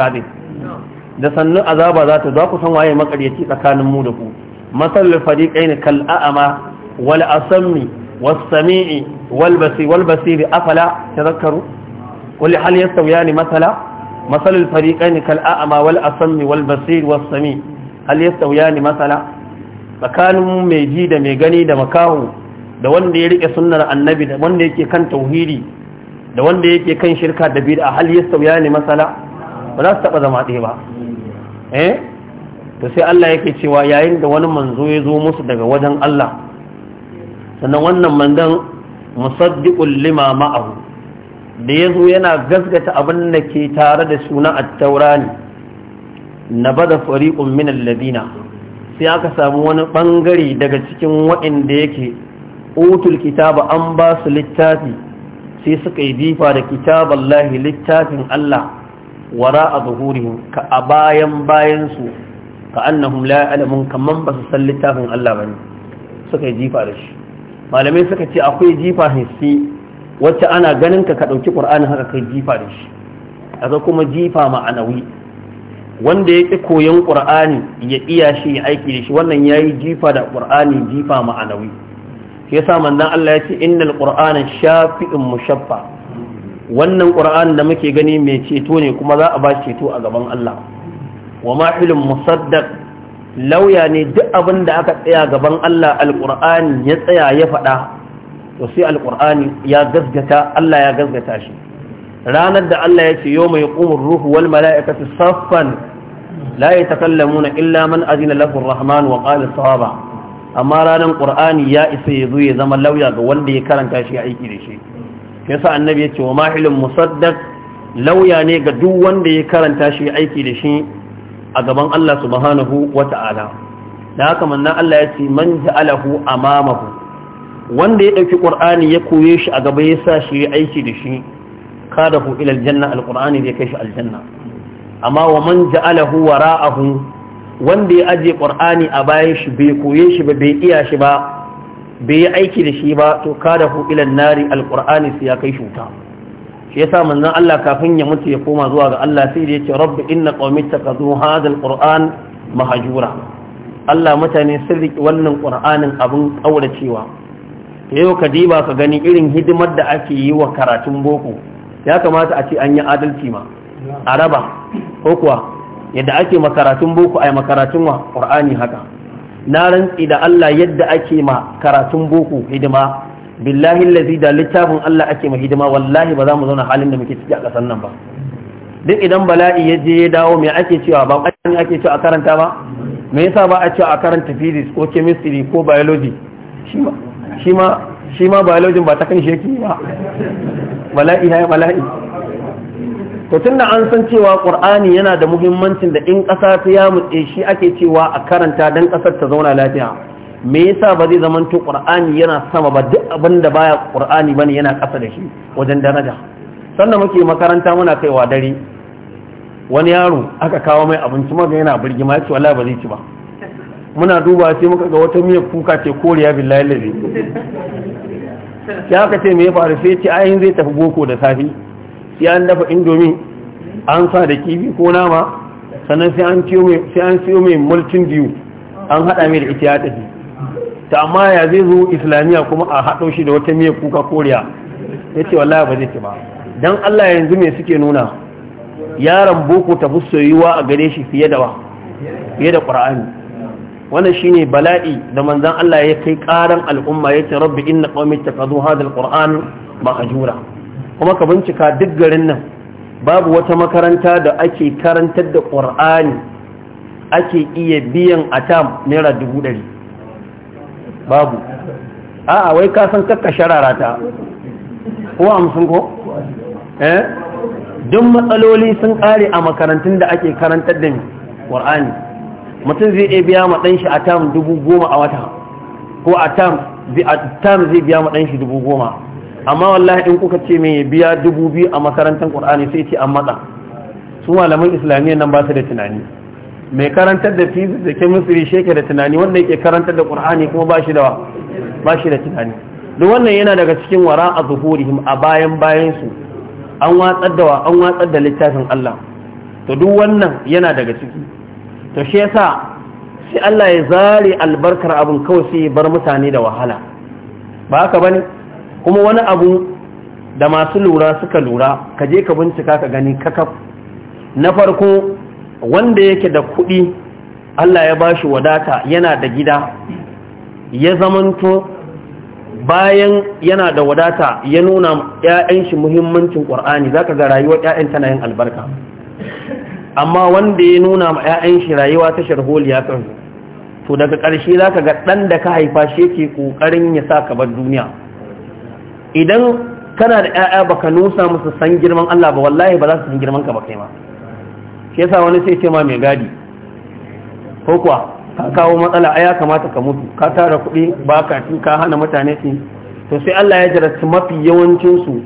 da sannu azaba za ta za ku san waye makaryaci tsakanin mu da ku masalul fariqaini kal a'ama wal asammi was sami'i wal basir wal basir afala tadhakkaru qul hal yastawiyani masala masalul fariqaini kal a'ama wal asammi wal basir was sami' hal yastawiyani masala tsakanin mai ji da mai gani da makahu da wanda ya rike sunnar annabi da wanda yake kan tauhidi da wanda yake kan shirka da bid'a hal yastawiyani masala ba za su taba zama ɗaya ba eh to sai Allah yake cewa yayin da wani manzo ya zo musu daga wajen Allah sannan wannan mandan musaddiqul lima ma'ahu da yazo yana gasgata abin da ke tare da suna at-taurani nabada fariqun min alladina sai aka samu wani bangare daga cikin waɗanda yake utul kitaba an ba su littafi sai suka yi difa da kitaballahi littafin Allah wara a zuhurihim ka a bayan bayansu ka annahum la alamun kaman ba su san littafin Allah bane suka yi jifa da shi malamai suka ce akwai jifa hissi wacce ana ganin ka ka ɗauki ƙur'ani haka kai jifa da shi aka kuma jifa ma'anawi wanda ya ƙi koyon ƙur'ani ya iya shi ya aiki da shi wannan ya yi jifa da ƙur'ani jifa ma'anawi shi yasa manzon Allah ya ce innal qur'ana shafi'un mushaffa wannan ƙura'an da muke gani mai ceto ne kuma za a ba ceto a gaban Allah wa ma'ilin musaddaq lauya ne duk abin da aka tsaya gaban Allah Alƙur'ani ya tsaya ya faɗa to sai Alƙur'ani ya gazgata, Allah ya gazgata shi ranar da Allah ya ce yau mai ƙumar ruhu wal mala'ikatu saffan la ya illa man azina lahu rahman wa qala sawaba amma ranar ƙur'ani ya isa ya zo ya zama lauya ga wanda ya karanta shi aiki da shi yasa annabi ya ce wa mahilin musaddaq lauya ne ga duk wanda ya karanta shi aiki da shi a gaban Allah subhanahu wata'ala da haka manna Allah ya ce man ja'alahu amamahu wanda ya dauki qur'ani ya koye shi a gaba ya sa shi aiki da shi kadahu ila aljanna alqur'ani zai kai shi aljanna amma wa man ja'alahu wara'ahu wanda ya aje qur'ani a bayan shi bai koye shi ba bai iya shi ba bai yi aiki da shi ba to kada hu ilan nari alqur'ani su ya kai shuta shi yasa manzon Allah kafin ya mutu ya koma zuwa ga Allah sai ya ce rabbi inna qaumi takazu hadha alqur'an mahjura Allah mutane sun riki wannan qur'anin abin kauracewa yau ka diba ka gani irin hidimar da ake yi wa karatun boko ya kamata a ce an yi adalci ma Araba, ko kuwa yadda ake makaratun boko a makaratun wa ƙur'ani haka na rantsi da Allah yadda ake ma karatun boko hidima billahi allazi da littafin Allah ake ma hidima wallahi ba za mu zauna halin da muke ciki a ƙasar nan ba duk idan bala'i ya je ya dawo me ake cewa ba ƙwarin ake cewa a karanta ba me yasa ba a cewa a karanta physics ko chemistry ko biology shi ma shi ma shi ma biology ba ta kan shi yake ba bala'i ya bala'i to tunda an san cewa qur'ani yana da muhimmancin da in ƙasa ta yamutse shi ake cewa a karanta dan ƙasar ta zauna lafiya me yasa ba zai zaman to qur'ani yana sama ba duk abin da baya qur'ani bane yana ƙasa da shi wajen daraja sannan muke makaranta muna kaiwa dare wani yaro aka kawo mai abinci maka yana birgima ya ce wallahi ba zai ci ba muna duba sai muka ga wata miyar kuka ce koriya billahi lazi ya ka ce me ya faru sai ce ayin zai tafi boko da safi sai an dafa indomi an sa da kifi ko nama sannan sai an siyo mai mulkin biyu an haɗa mai da ita ya tafi ta amma ya zai zo islamiyya kuma a haɗo shi da wata miyar kuka koriya ya ce ba zai ci ba don allah yanzu mai suke nuna yaron boko ta fi a gare shi fiye da fiye da ƙura'ani wannan shine bala'i da manzan allah ya kai ƙaran al'umma ya ce rabbi inna qaumi takazu ba alquran jura. kuma ka bincika duk garin nan babu wata makaranta da ake karantar da ƙur'ani ake iya biyan atam naira dubu ɗari babu a'a wai ka san kakka sharara ta ko amsin ko eh duk matsaloli sun ƙare a makarantun da ake karantar da ƙur'ani mutum zai iya biya ma ɗanshi atam dubu goma a wata ko atam zai biya ma dubu goma amma wallahi in kuka ce mai biya dubu biyu a makarantar ƙur'ani sai ce an matsa su malaman islamiyya nan ba su da tunani mai karantar da physics da chemistry sheke da tunani wanda yake karantar da kur'ani kuma ba shi da ba shi da tunani duk wannan yana daga cikin wara a zuhurihim a bayan bayan su an watsar da an watsar da littafin Allah to duk wannan yana daga ciki to shi yasa sai Allah ya zare albarkar abin kawai sai ya bar mutane da wahala ba haka bane kuma wani abu da masu lura suka lura ka je ka bincika ka gani kakaf na farko wanda yake da kuɗi Allah ya ba shi wadata yana da gida ya zamanto bayan yana da wadata ya nuna ‘ya'yan shi muhimmancin ƙwar'ani za ka ga rayuwar ‘ya'yan tana yin albarka amma wanda ya nuna ma ‘ya'yan shi rayuwa ta sharholi ya kan to daga ƙarshe za ka ga ɗan da ka haifa shi yake ƙoƙarin ya sa ka bar duniya idan kana da ƴaƴa baka nusa musu san girman Allah ba wallahi ba za su san girman ka ba kai ma shi yasa wani sai ce ma mai gadi ko kuwa ka kawo matsala a ya kamata ka mutu ka tara kuɗi ba ka ci ka hana mutane su to sai Allah ya jarabta mafi yawancin su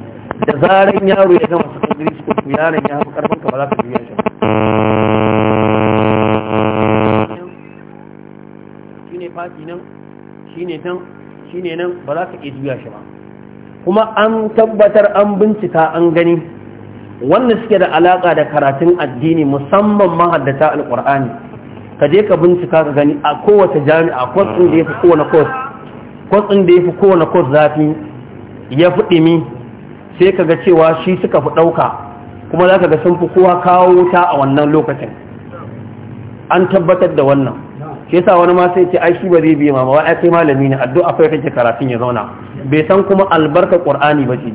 da zaran yaro ya gama secondary school to yaron ya hafi karfin ka ba za ka biya shi shine fati shine nan ba za ka iya juya shi ba kuma an tabbatar an bincika an gani wanda suke da alaka da karatun addini musamman mahaddata alkur'ani ka je ka bincika ka gani a kowace jami'a kwatsin da ya fi kowane kwas kwatsin da ya fi kowane kwas zafi ya fi ɗimi sai ka ga cewa shi suka fi ɗauka kuma za ka ga sun fi kowa kawo wuta a wannan lokacin an tabbatar da wannan shi yasa wani ma sai ce ai shi ba zai biya ma ba ai kai malami ne addu'a fa kake karatun ya zauna bai san kuma albarka ƙur'ani ba ce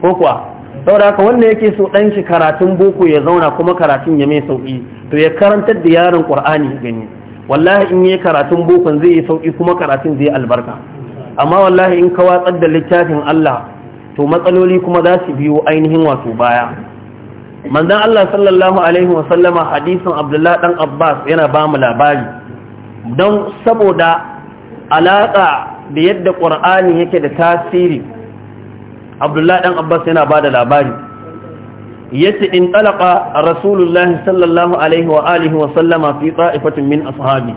ko kuwa saboda haka wanda yake so ɗan shi karatun boko ya zauna kuma karatun ya mai sauƙi, to ya karantar da yaron ƙur'ani gani wallahi in yi karatun boko zai yi sauƙi kuma karatun zai albarka amma wallahi in ka watsar da littafin Allah to matsaloli kuma za su biyo ainihin wato baya manzon Allah sallallahu alaihi wa sallama hadisin Abdullah dan Abbas yana ba mu labari don saboda alaka da yadda ƙur'ani yake da tasiri abdullahi ɗan abbas yana ba da labari ce in ɗalaka, rasulullahi sallallahu alaihi wa alihi wa sallama fi ta'ifatin min ashabi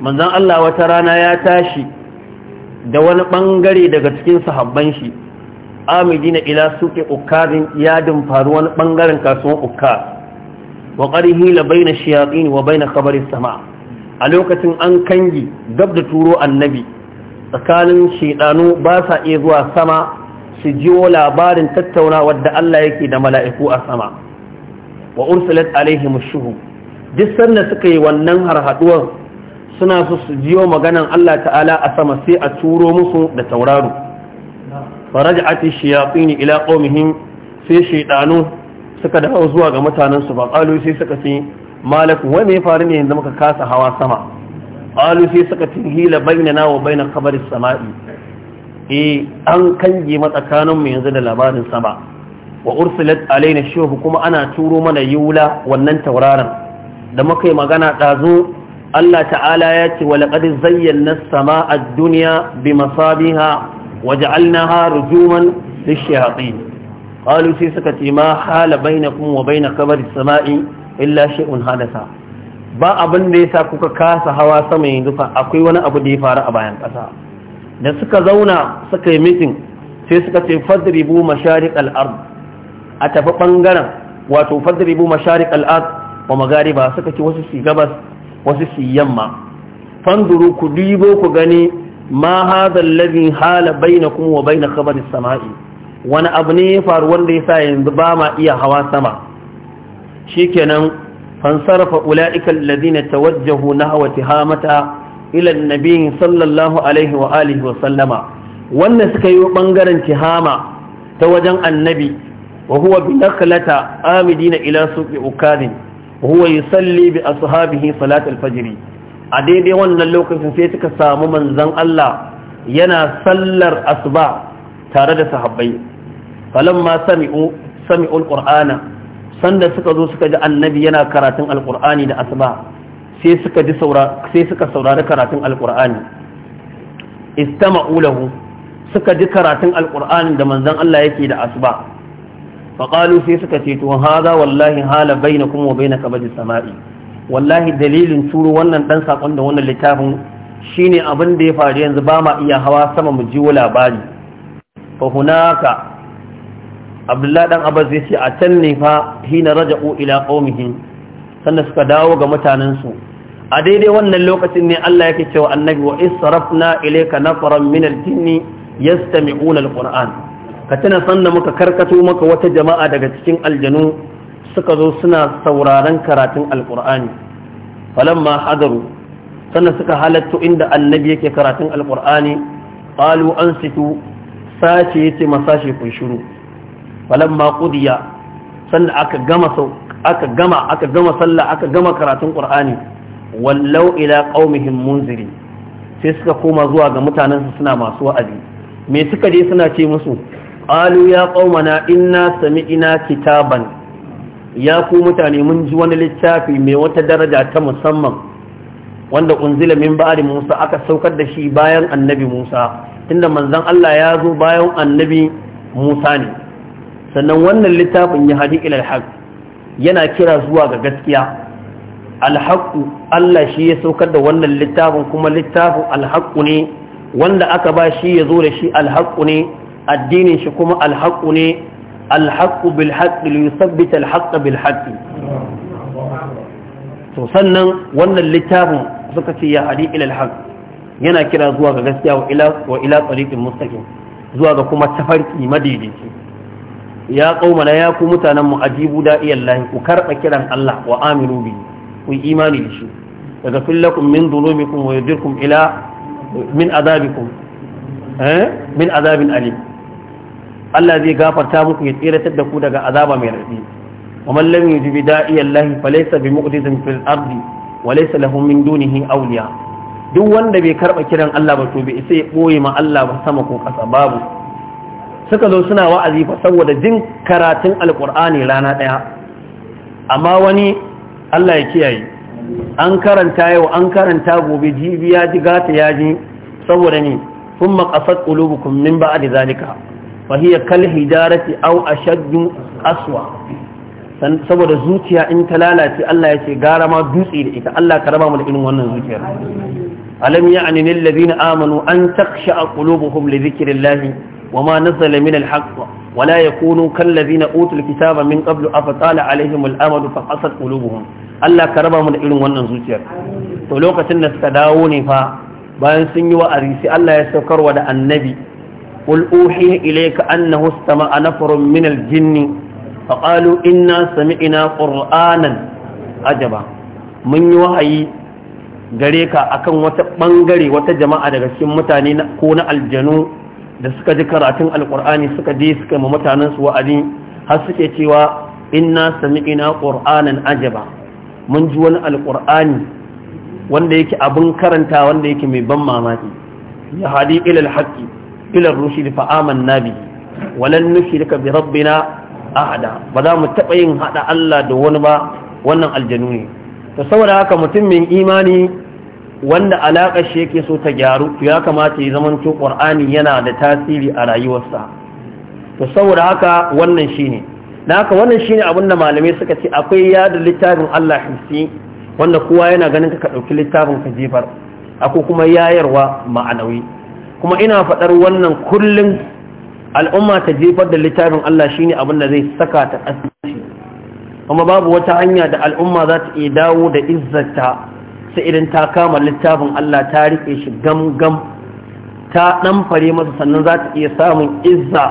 manzon Allah wata rana ya tashi da wani bangare daga cikin sahabban shi amidina ila suke ukkarin yadin faru wani bangaren kasuwan ukkar wa qarihi la bayna shayatin wa bayna kabarin sama a lokacin an kangi gab da turo annabi tsakanin shiɗanu ba sa iya zuwa sama su jiwo labarin tattauna wadda Allah yake da mala'iku a sama wa ursulat Alayhi shuhu duk sanda suka yi wannan harhaduwar suna su su jiwo maganan Allah ta'ala a sama sai a turo musu da tauraro faraj'ati shayatin ila ƙomihin sai shiɗanu suka dawo zuwa ga mutanensu, ba qalu sai suka ce malaku wai me faru ne yanzu muka kasa hawa sama qalu sai suka tinhila bainana wa baina khabar samai eh an kange matsakanin mu yanzu da labarin sama wa ursulat alaina shuhu kuma ana turo mana yula wannan tauraron da muka yi magana dazu Allah ta'ala ya ce wa laqad zayyana samaa ad-dunya bi masabiha wa ja'alnaha rujuman lish qalu sai suka ce ma hala bainakum wa bain khabari samai illa shay'un hadatha ba abin da ya sa kuka kasa hawa sama yanzu fa akwai wani abu da ya faru a bayan ƙasa da suka zauna suka yi mitin sai suka ce fadribu mashariq al-ard a tafi ɓangaren wato fadribu mashariq al-ard wa magariba suka ce wasu su gabas wasu su yamma fanduru ku dibo ku gani ma hadha alladhi hala bainakum wa bain khabar as-sama'i wani abu ne ya faru wanda ya sa yanzu ba ma iya hawa sama shikenan فانصرف أولئك الذين توجهوا نحو تهامتها إلى النبي صلى الله عليه وآله وسلم والنسكي بنقر تهامة توجه النبي وهو بنخلة آمدين إلى سوق أكاد وهو يصلي بأصحابه صلاة الفجر عديد وأن اللوك سنسيتك سامو من زن الله ينا سلر أصبع تارد صحبي فلما سمعوا سمعوا القرآن sanda suka zo suka ji annabi yana karatun alkur'ani da asuba sai suka saurari karatun alkur'ani istama'u lahu suka ji karatun alkur'ani da manzon Allah yake da asuba fa sai suka ce to hadha wallahi hala bainakum wa bainaka bajis sama'i wallahi dalilin turu wannan dan sakon da wannan littafin shine abin da ya faru yanzu ba ma iya hawa sama mu ji labari fa hunaka abdullahi ɗan abbas ya ce a can ne fa hina raja'u ila qaumihim sannan suka dawo ga mutanensu a daidai wannan lokacin ne Allah yake cewa annabi wa israfna ilayka nafaran min al-jinni yastami'una al-qur'an ka tana sanna muka karkato maka wata jama'a daga cikin aljanu suka zo suna sauraron karatun al-qur'ani falamma hadaru sannan suka halatto inda annabi yake karatun al-qur'ani qalu ansitu sace yace masashi kun shiru falamma qudiya sannan aka gama sau aka gama aka gama sallah aka gama karatun qur'ani wallau ila qaumihim munziri sai suka koma zuwa ga mutanensu suna masu wa'azi me suka je suna ce musu qalu ya qaumana inna sami'na kitaban ya ku mutane mun ji wani littafi mai wata daraja ta musamman wanda unzila min ba'di Musa aka saukar da shi bayan annabi Musa tunda manzon Allah ya zo bayan annabi Musa ne sannan wannan littafin ya hadi ilal alhaq yana kira zuwa ga gaskiya alhaqu Allah shi ya saukar da wannan littafin kuma littafin alhaqu ne wanda aka ba shi ya zo da shi alhaqu ne addinin shi kuma alhaqu ne alhaqu bil haqqi li yuthabbita alhaqqa bil haqqi to sannan wannan littafin suka ce ya hadi ilal alhaq yana kira zuwa ga gaskiya wa ila wa ila tariqin mustaqim zuwa ga kuma tafarki madaidaici ya kaumana ya ku mutanen mu ajibu lahi, ku karba kiran Allah wa aminu bi ku imani da shi daga fillakum min dhulumikum wa yudirkum ila min azabikum eh min azabin alim Allah zai gafarta muku ya tsira da ku daga azaba mai rafi ومن لم يجب داعي الله فليس بمؤذ في الارض وليس له من دونه اولياء duk wanda bai karba kiran Allah ba to bai sai boye ma Allah ba sama ko kasa babu suka zo suna wa'azi fa saboda jin karatun alkur'ani rana ɗaya amma wani Allah ya kiyaye an karanta yau an karanta gobe jibi ya ji gata ya ji saboda ne sun makasar ƙulubukun min ba a da zalika fahiyar au a aswa saboda zuciya in ta lalace Allah ya ce gara ma dutse da ita Allah ka raba mu da irin wannan zuciyar alam ya'ni lil ladina amanu an taksha qulubuhum li dhikrillah وما نزل من الحق ولا يكونوا كالذين أوتوا الكتاب من قبل أفطال عليهم الأمد فقصت قلوبهم الله كربهم من إلهم ونن زوجير فلوكة النستداوني فا بان سنيوا أريسي الله يسكر ودى النبي قل أوحي إليك أنه استمع نفر من الجن فقالوا إنا سمعنا قرآنا أجبا من يوحي gare ka akan wata bangare wata jama'a daga cikin mutane ko na aljanu da suka ji karatun alkur'ani suka je suka ma mutanen su wa'adi har suke cewa inna sami'ina qur'anan ajaba mun ji wani alkur'ani wanda yake abin karanta wanda yake mai ban mamaki ya hadi hakki, alhaqi ila rushd fa amanna bi walan nushrika bi rabbina ahada ba za mu taba yin hada Allah da wani ba wannan aljanu ne to saboda haka mutum mai imani wanda alaƙar shi yake so ta gyaru ya kamata ya zamanto ƙur'ani yana da tasiri a rayuwarsa to saboda haka wannan shine na haka wannan shine abin da malamai suka ce akwai yada littafin Allah hissi wanda kowa yana ganin ka ɗauki littafin ka jefar akwai kuma yayarwa ma'anawi kuma ina faɗar wannan kullum al'umma ta jefar da littafin Allah shine abin da zai saka ta asiri kuma babu wata hanya da al'umma za ta iya dawo da izzata sai idan ta kama littafin Allah ta riƙe shi gam-gam ta ɗan masa sannan za ta iya samun izza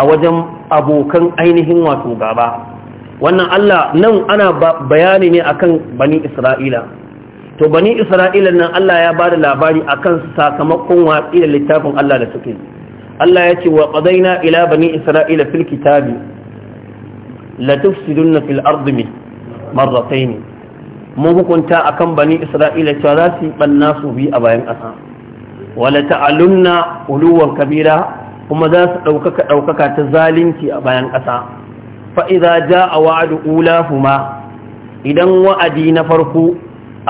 a wajen abokan ainihin wato gaba wannan Allah nan ana bayani ne akan bani Isra'ila to bani Isra'ila nan Allah ya ba da labari akan sakamakon watsi da littafin Allah da suke Allah ya ce wa qadaina ila bani Isra'ila fil kitabi la tufsiduna fil ardi marratayn Mun hukunta akan bani isra'ila cewa za su yi ɓanna su bi a bayan ƙasa wala ta'alunna uluwan kabira kuma za su ɗaukaka ɗaukaka ta zalunci a bayan ƙasa fa'iza ja a wa'adu huma idan wa'adi na farko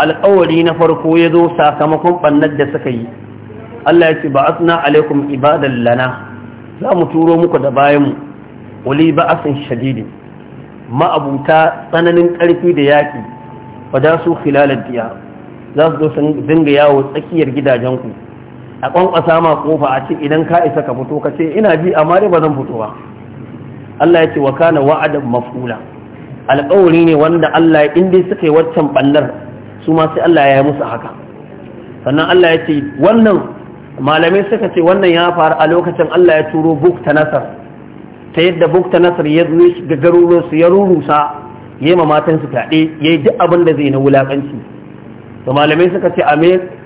alƙawari na farko ya zo sakamakon ɓannar da suka yi Allah ya ce ba asna alaikum ibadan lana za mu turo muku da bayanmu wali ba'asin shadidi ma'abuta tsananin ƙarfi da yaƙi wa da su khilalar diya za su zo dinga yawo tsakiyar gidajenku a kwankwasa ma kofa a ce idan ka isa ka fito ka ce ina ji amma dai ba zan fito ba Allah ya ce wa kana wa'adan maf'ula alƙawari ne wanda Allah ya inda suka yi waccan ɓallar su ma sai Allah ya yi musu haka sannan Allah ya ce wannan malamai suka ce wannan ya faru a lokacin Allah ya turo bukta nasar ta yadda bukta nasar ya zo ga garuruwansu ya rurusa yi ma matan su fyaɗe ya yi duk abin da zai na wulaƙanci to malamai suka ce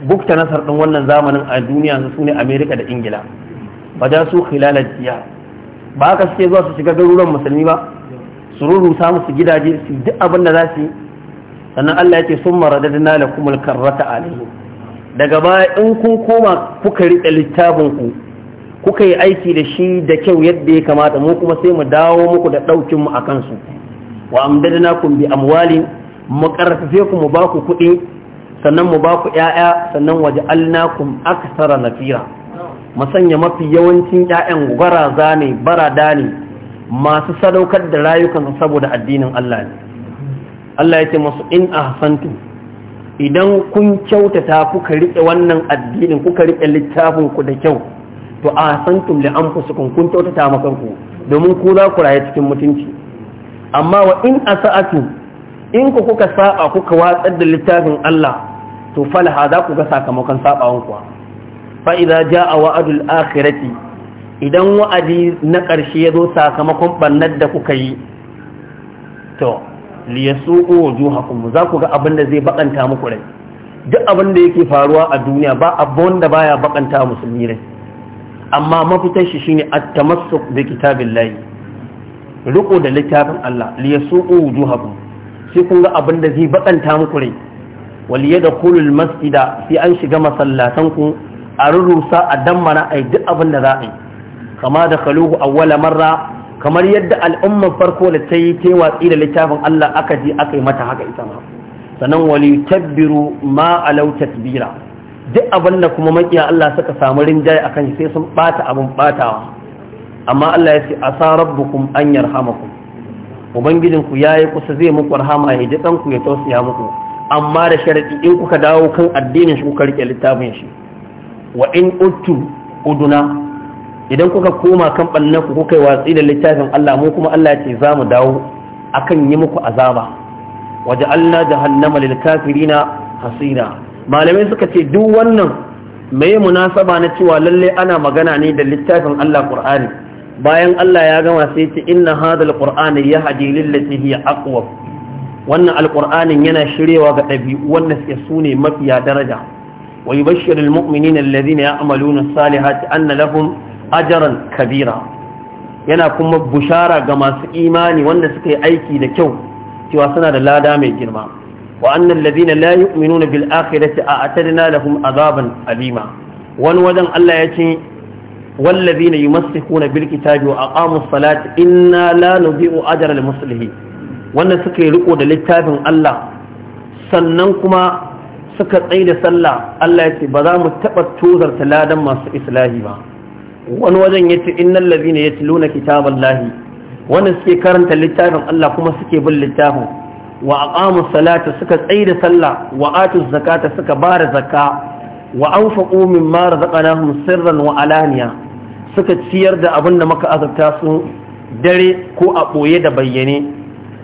bukta nasar ɗin wannan zamanin a duniya su ne amerika da ingila ba da su khilalar jiya ba haka suke zuwa su shiga garuruwan musulmi ba su ruru samu musu gidaje su duk abin da za su yi sannan allah ya ce sun maradadina kuma karrata alaihim daga baya in kun koma kuka riƙe littafin ku kuka yi aiki da shi da kyau yadda ya kamata mu kuma sai mu dawo muku da mu a kansu wa amdadnakum bi amwalin mu karfafe ku mu baku kuɗi sannan mu ba ku ƴaƴa sannan kum aktsara nafira mu sanya mafi yawancin 'ya'yan gwaraza ne barada ne masu sadaukar da rayukan saboda addinin Allah ne Allah ya ce masu in ahsantu idan kun kyautata kuka riƙe wannan addinin kuka riƙe littafin ku da kyau to ahsantum li anfusikum kun kyautata makanku domin ku za ku raye cikin mutunci amma wa in sa'atu in ku kuka sa'a kuka watsar da littafin Allah to falaha za ku ga sakamakon sabawan kuwa fa idza jaa wa'dul akhirati idan wa'adi na ƙarshe ya zo sakamakon bannar da kuka yi to yasu'u wujuhakum za ku ga abin da zai bakanta muku rai duk abin da yake faruwa a duniya ba abin da baya bakanta musulmi rai amma mafitar shi shine at-tamassuk bi kitabillahi riko da littafin Allah li yasuqu wujuhakum shi kun ga abin da zai bakanta muku rai wal yadkhulul masjida sai an shiga masallatan ku a rurrusa a dammana ai duk abin da za a yi kama da khaluhu awwala marra kamar yadda al'ummar farko da ta yi watsi da littafin Allah aka ji aka yi mata haka ita ma sannan wali tabbiru ma alau tasbira duk abin da kuma makiya Allah suka samu rinjaye akan sai sun bata abin batawa amma Allah ya ce a asa rabbukum an yarhamakum ubangijinku yi kusa zai muku rahama ya ji ɗanku ya tausaya muku amma da sharaɗi in kuka dawo kan addinin shi kuka rike littafin shi wa in uttu uduna idan kuka koma kan bannan ku kuka yi watsi da littafin Allah mu kuma Allah ya ce za mu dawo akan yi muku azaba da jahannama lil kafirina hasira malamai suka ce duk wannan mai munasaba na cewa lallai ana magana ne da littafin Allah Qur'ani bayan Allah ya gama sai ce inna hadal ya yahdi lillati hiya aqwa wannan alqur'anin yana shirewa ga dabi'u wanda suke sune mafiya daraja wa yubashshirul mu'minina alladhina ya'maluna salihati anna lahum ajran kabira yana kuma bushara ga masu imani wanda suka yi aiki da kyau cewa suna da lada mai girma wa annal ladina la yu'minuna bil akhirati a'tadna lahum azaban alima wani wajen Allah ya ce والذين يمسكون بالكتاب وأقاموا الصلاة إنا لا نضيء أجر المصلحين wannan suka yi riko da littafin Allah sannan kuma suka tsaye da sallah Allah ya ce ba za mu taɓa tozarta ladan masu islahi ba wani wajen ya ce innan labi ne ya tiluna lahi wanda suke karanta littafin Allah kuma suke bin littafin wa aqamu salata suka tsaye da sallah wa atu zakata suka ba da zakka wa anfaqu mimma razaqnahum sirran wa alaniya suka ciyar da abin da muka azabta su dare ko a ɓoye da bayyane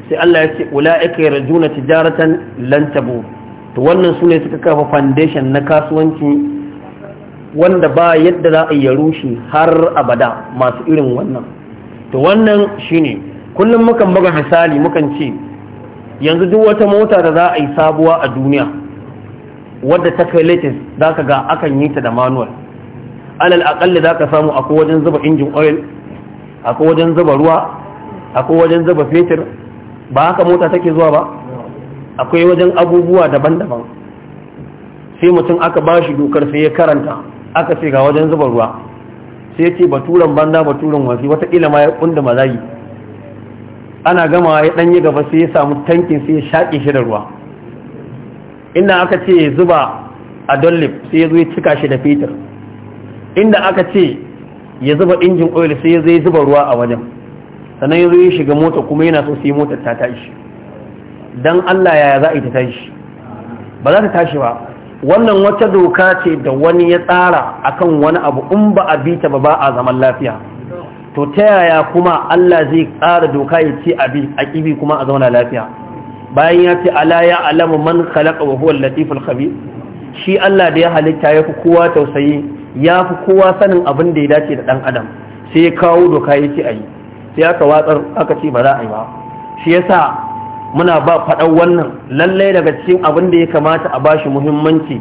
sai Allah ya ce ulaika yarjuna tijaratan lan tabu to wannan sune suka kafa foundation na kasuwanci wanda ba yadda za a yi rushe har abada masu irin wannan to wannan shine kullum mukan buga misali mukan ce yanzu duk wata mota da za a yi sabuwa a duniya wadda ta kai latin za ka ga akan yi ta da manual alal akalli za ka samu akwai wajen zuba injin oil akwai wajen zuba ruwa akwai wajen zuba fetur ba haka mota take zuwa ba akwai wajen abubuwa daban-daban sai mutum aka ba shi dokar sai ya karanta aka ce ga wajen zuba ruwa sai ya ce baturan banda baturan wasi wataƙila ma ya kunda mazayi ana gama ya ɗanyi gaba sai ya samu tankin sai ya shaƙe shi da ruwa inda aka ce zuba a dollif sai ya zo ya cika shi da fitar inda aka ce ya zuba injin oil sai ya zo zuba ruwa a wajen sannan ya zo ya shiga mota kuma yana so sai motar ta tashi dan Allah yaya za a yi ta tashi ba za ta tashi ba wannan wata doka ce da wani ya tsara akan wani abu in ba a bi ta ba ba a zaman lafiya to ta yaya kuma Allah zai tsara doka ya ce a kibi kuma a zauna lafiya bayan ya ce ala ya alamu man khalaqa wa huwa al-latif al-khabir shi Allah da ya halitta ya fi kowa tausayi ya fi kowa sanin abin da ya dace da dan adam sai ya kawo doka ya ce ayi sai aka watsar aka ce ba za a yi ba shi yasa muna ba faɗan wannan lallai daga cikin abin da ya kamata a bashi muhimmanci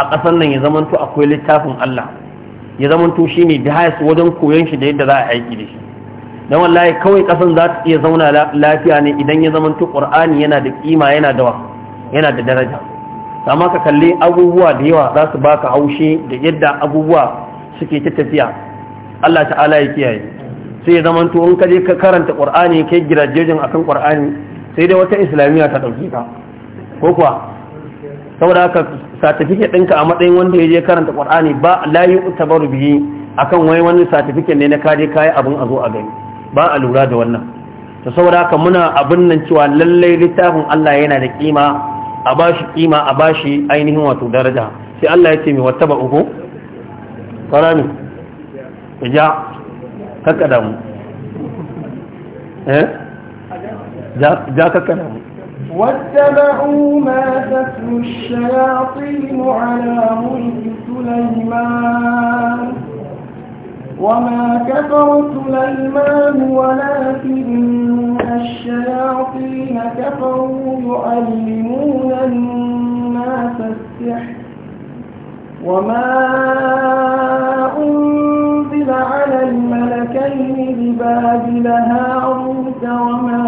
a ƙasar nan ya zamanto akwai littafin Allah ya zamanto shine bihas wajen koyon shi da yadda za a aiki da shi dan wallahi kawai kasan za ta iya zauna lafiya ne idan ya zama qur'ani yana da kima yana da yana da daraja amma ka kalli abubuwa da yawa za su baka haushi da yadda abubuwa suke ta tafiya Allah ta'ala ya kiyaye sai ya zama ka je ka karanta qur'ani kai girajejin akan qur'ani sai dai wata islamiyya ta dauki ka ko kuwa saboda ka certificate ɗinka a matsayin wanda ya je karanta qur'ani ba la yu'tabaru bihi akan wai wani certificate ne na kaje kai abun a zo a gani ba a lura da wannan ta saboda haka muna abin nan cewa lallai littafin Allah yana da kima a ba shi kima a ba shi ainihin wato daraja sai Allah ya ce mai wata ba uku karami ja kakka damu eh ja kakka damu واتبعوا ما تتلو الشياطين على ملك سليمان وما كفر سليمان ولكن الشياطين كفروا يعلمون الناس السحر وما أنزل على الملكين ببابل هاروت وماروت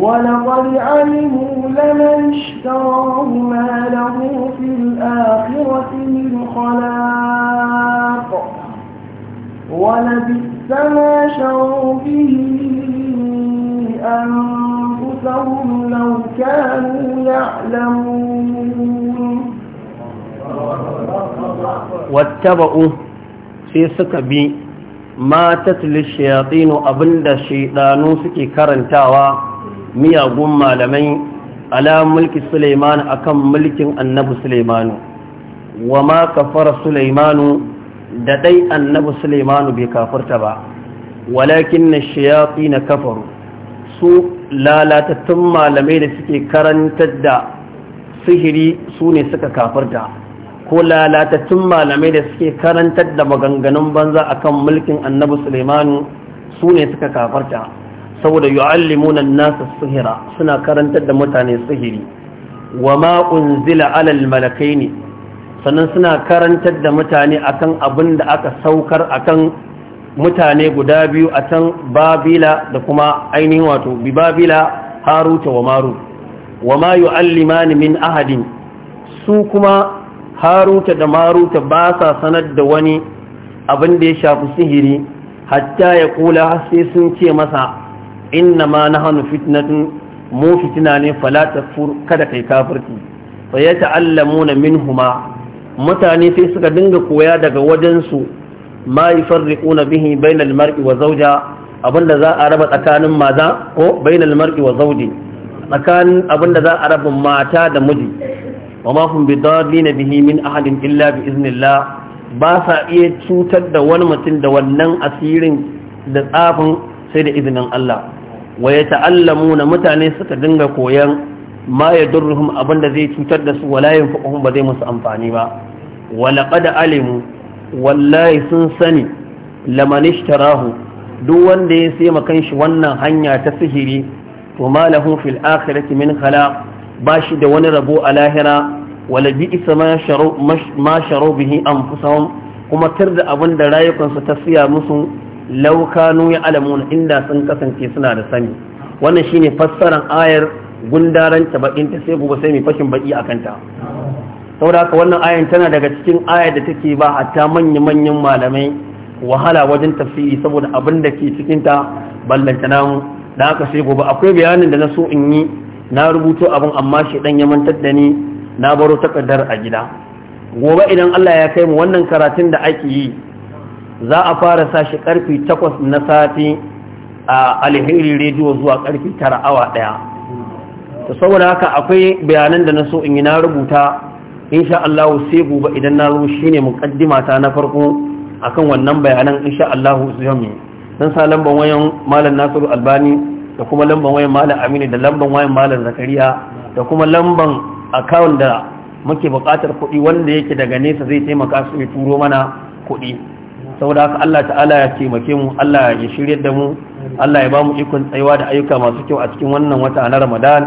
ولقد علموا لمن اشتراه ما له في الآخرة من خلاق ولبئس ما شروا به أنفسهم لو كانوا يعلمون واتبعوا في سكبي ما تتلي الشياطين أبند الشيطان سكي كرنتاوا miyagun malamai ala mulki Suleiman akan mulkin annabi Suleimanu wa ma kafara Suleimanu da dai annabi Suleimanu bai kafirta ba walakin na shayafi na kafaru su lalatattun malamai da suke karantar da sihiri su ne suka kafarta ko lalatattun malamai da suke karantar da maganganun banza akan mulkin annabi Suleimanu su ne suka kafarta saboda yi an-nasa sihira suna karantar da mutane sihiri wa ma zila alal ne, sannan suna karantar da mutane akan abin da aka saukar akan mutane guda biyu a can babila da kuma ainihin wato bi babila haruta wa maru wa ma alimani min ahadin su kuma haruta da maruta ba sa sanar da wani abin da ya shafi sihiri hatta ya kula sai sun ce masa inna ma nahnu fitnatun mu fitina ne fala tafur kada kai kafirci fa min minhuma mutane sai suka dinga koya daga wajen su ma yufarriquna bihi bainal mar'i wa zawja abinda za a raba tsakanin maza ko bainal mar'i wa zawji tsakanin abinda za a raba mata da miji wa ma hum na bihi min ahadin illa bi iznillah ba sa iya cutar da wani mutum da wannan asirin da tsafin sai da izinin Allah wa na mutane suka dinga koyan ma abin da zai cutar da su wala yanfa'uhum ba zai musu amfani ba wa da alimu wallahi sun sani laman ishtarahu duk wanda ya sai makan shi wannan hanya ta sihiri to ma fil akhirati min khala ba shi da wani rabo a lahira wala bi isa ma sharo bihi anfusahum kuma tar da abin da rayukansu ta siya musu ya alamu ya'lamun inda sun kasance suna da sani wannan shine fassaran ayar gundaran ta ta sai gobe sai mai fashin baki akan ta saboda haka wannan ayar tana daga cikin ayar da take ba hatta manya manyan malamai wahala wajen tafsiri saboda abin da ke cikin ta ballanta namu da haka sai gobe akwai bayanin da na so in yi na rubuto abin amma shi dan ya mantar da ni na baro takardar a gida gobe idan Allah ya kai mu wannan karatun da ake yi za a fara sashi karfi takwas na sati a alheri rediyo zuwa karfi tara awa ɗaya. saboda haka akwai bayanan da na so in yi na rubuta insha Allah sai gobe idan na zo shine muqaddima ta na farko akan wannan bayanan insha Allah zan dan sa lamban wayan malam Nasiru Albani da kuma lamban wayan malam Aminu da lamban wayan malam Zakariya da kuma lamban account da muke buƙatar kuɗi wanda yake daga nesa zai taimaka su ya turo mana kuɗi saboda haka Allah ta'ala ya taimake mu Allah ya shirye da mu Allah ya ba mu ikon tsayuwa da ayyuka masu kyau a cikin wannan wata na Ramadan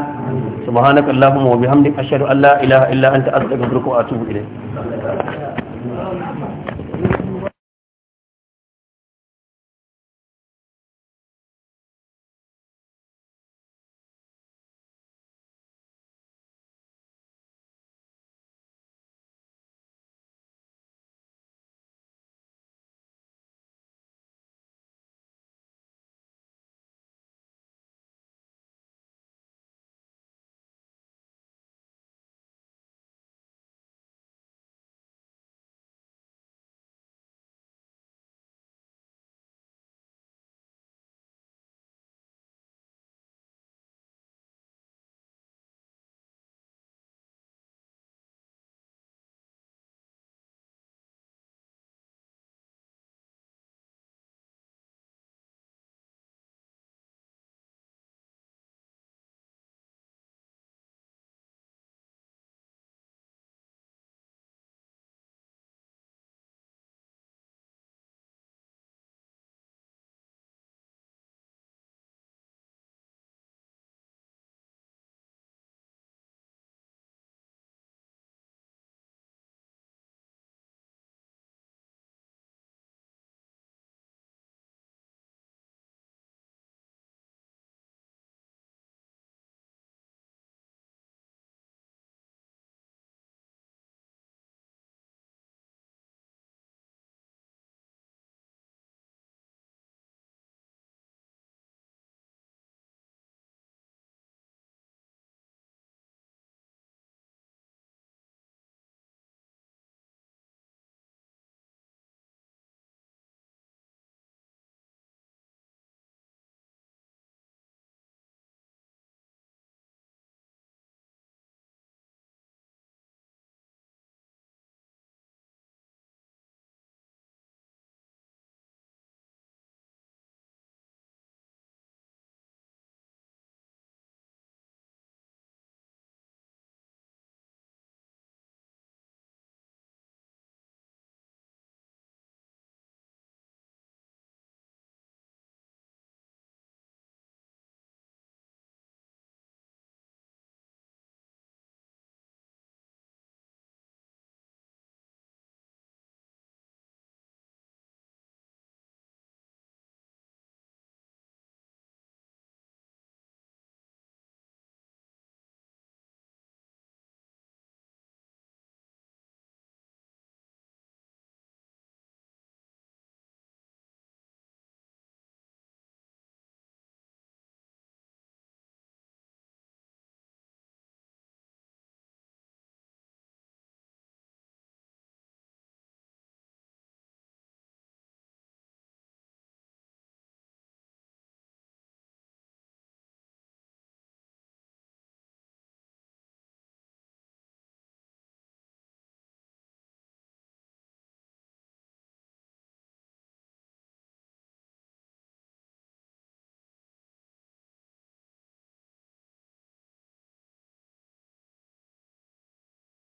subhanaka allahumma wa bihamdika ashhadu an la ilaha illa anta astaghfiruka wa atubu ilayk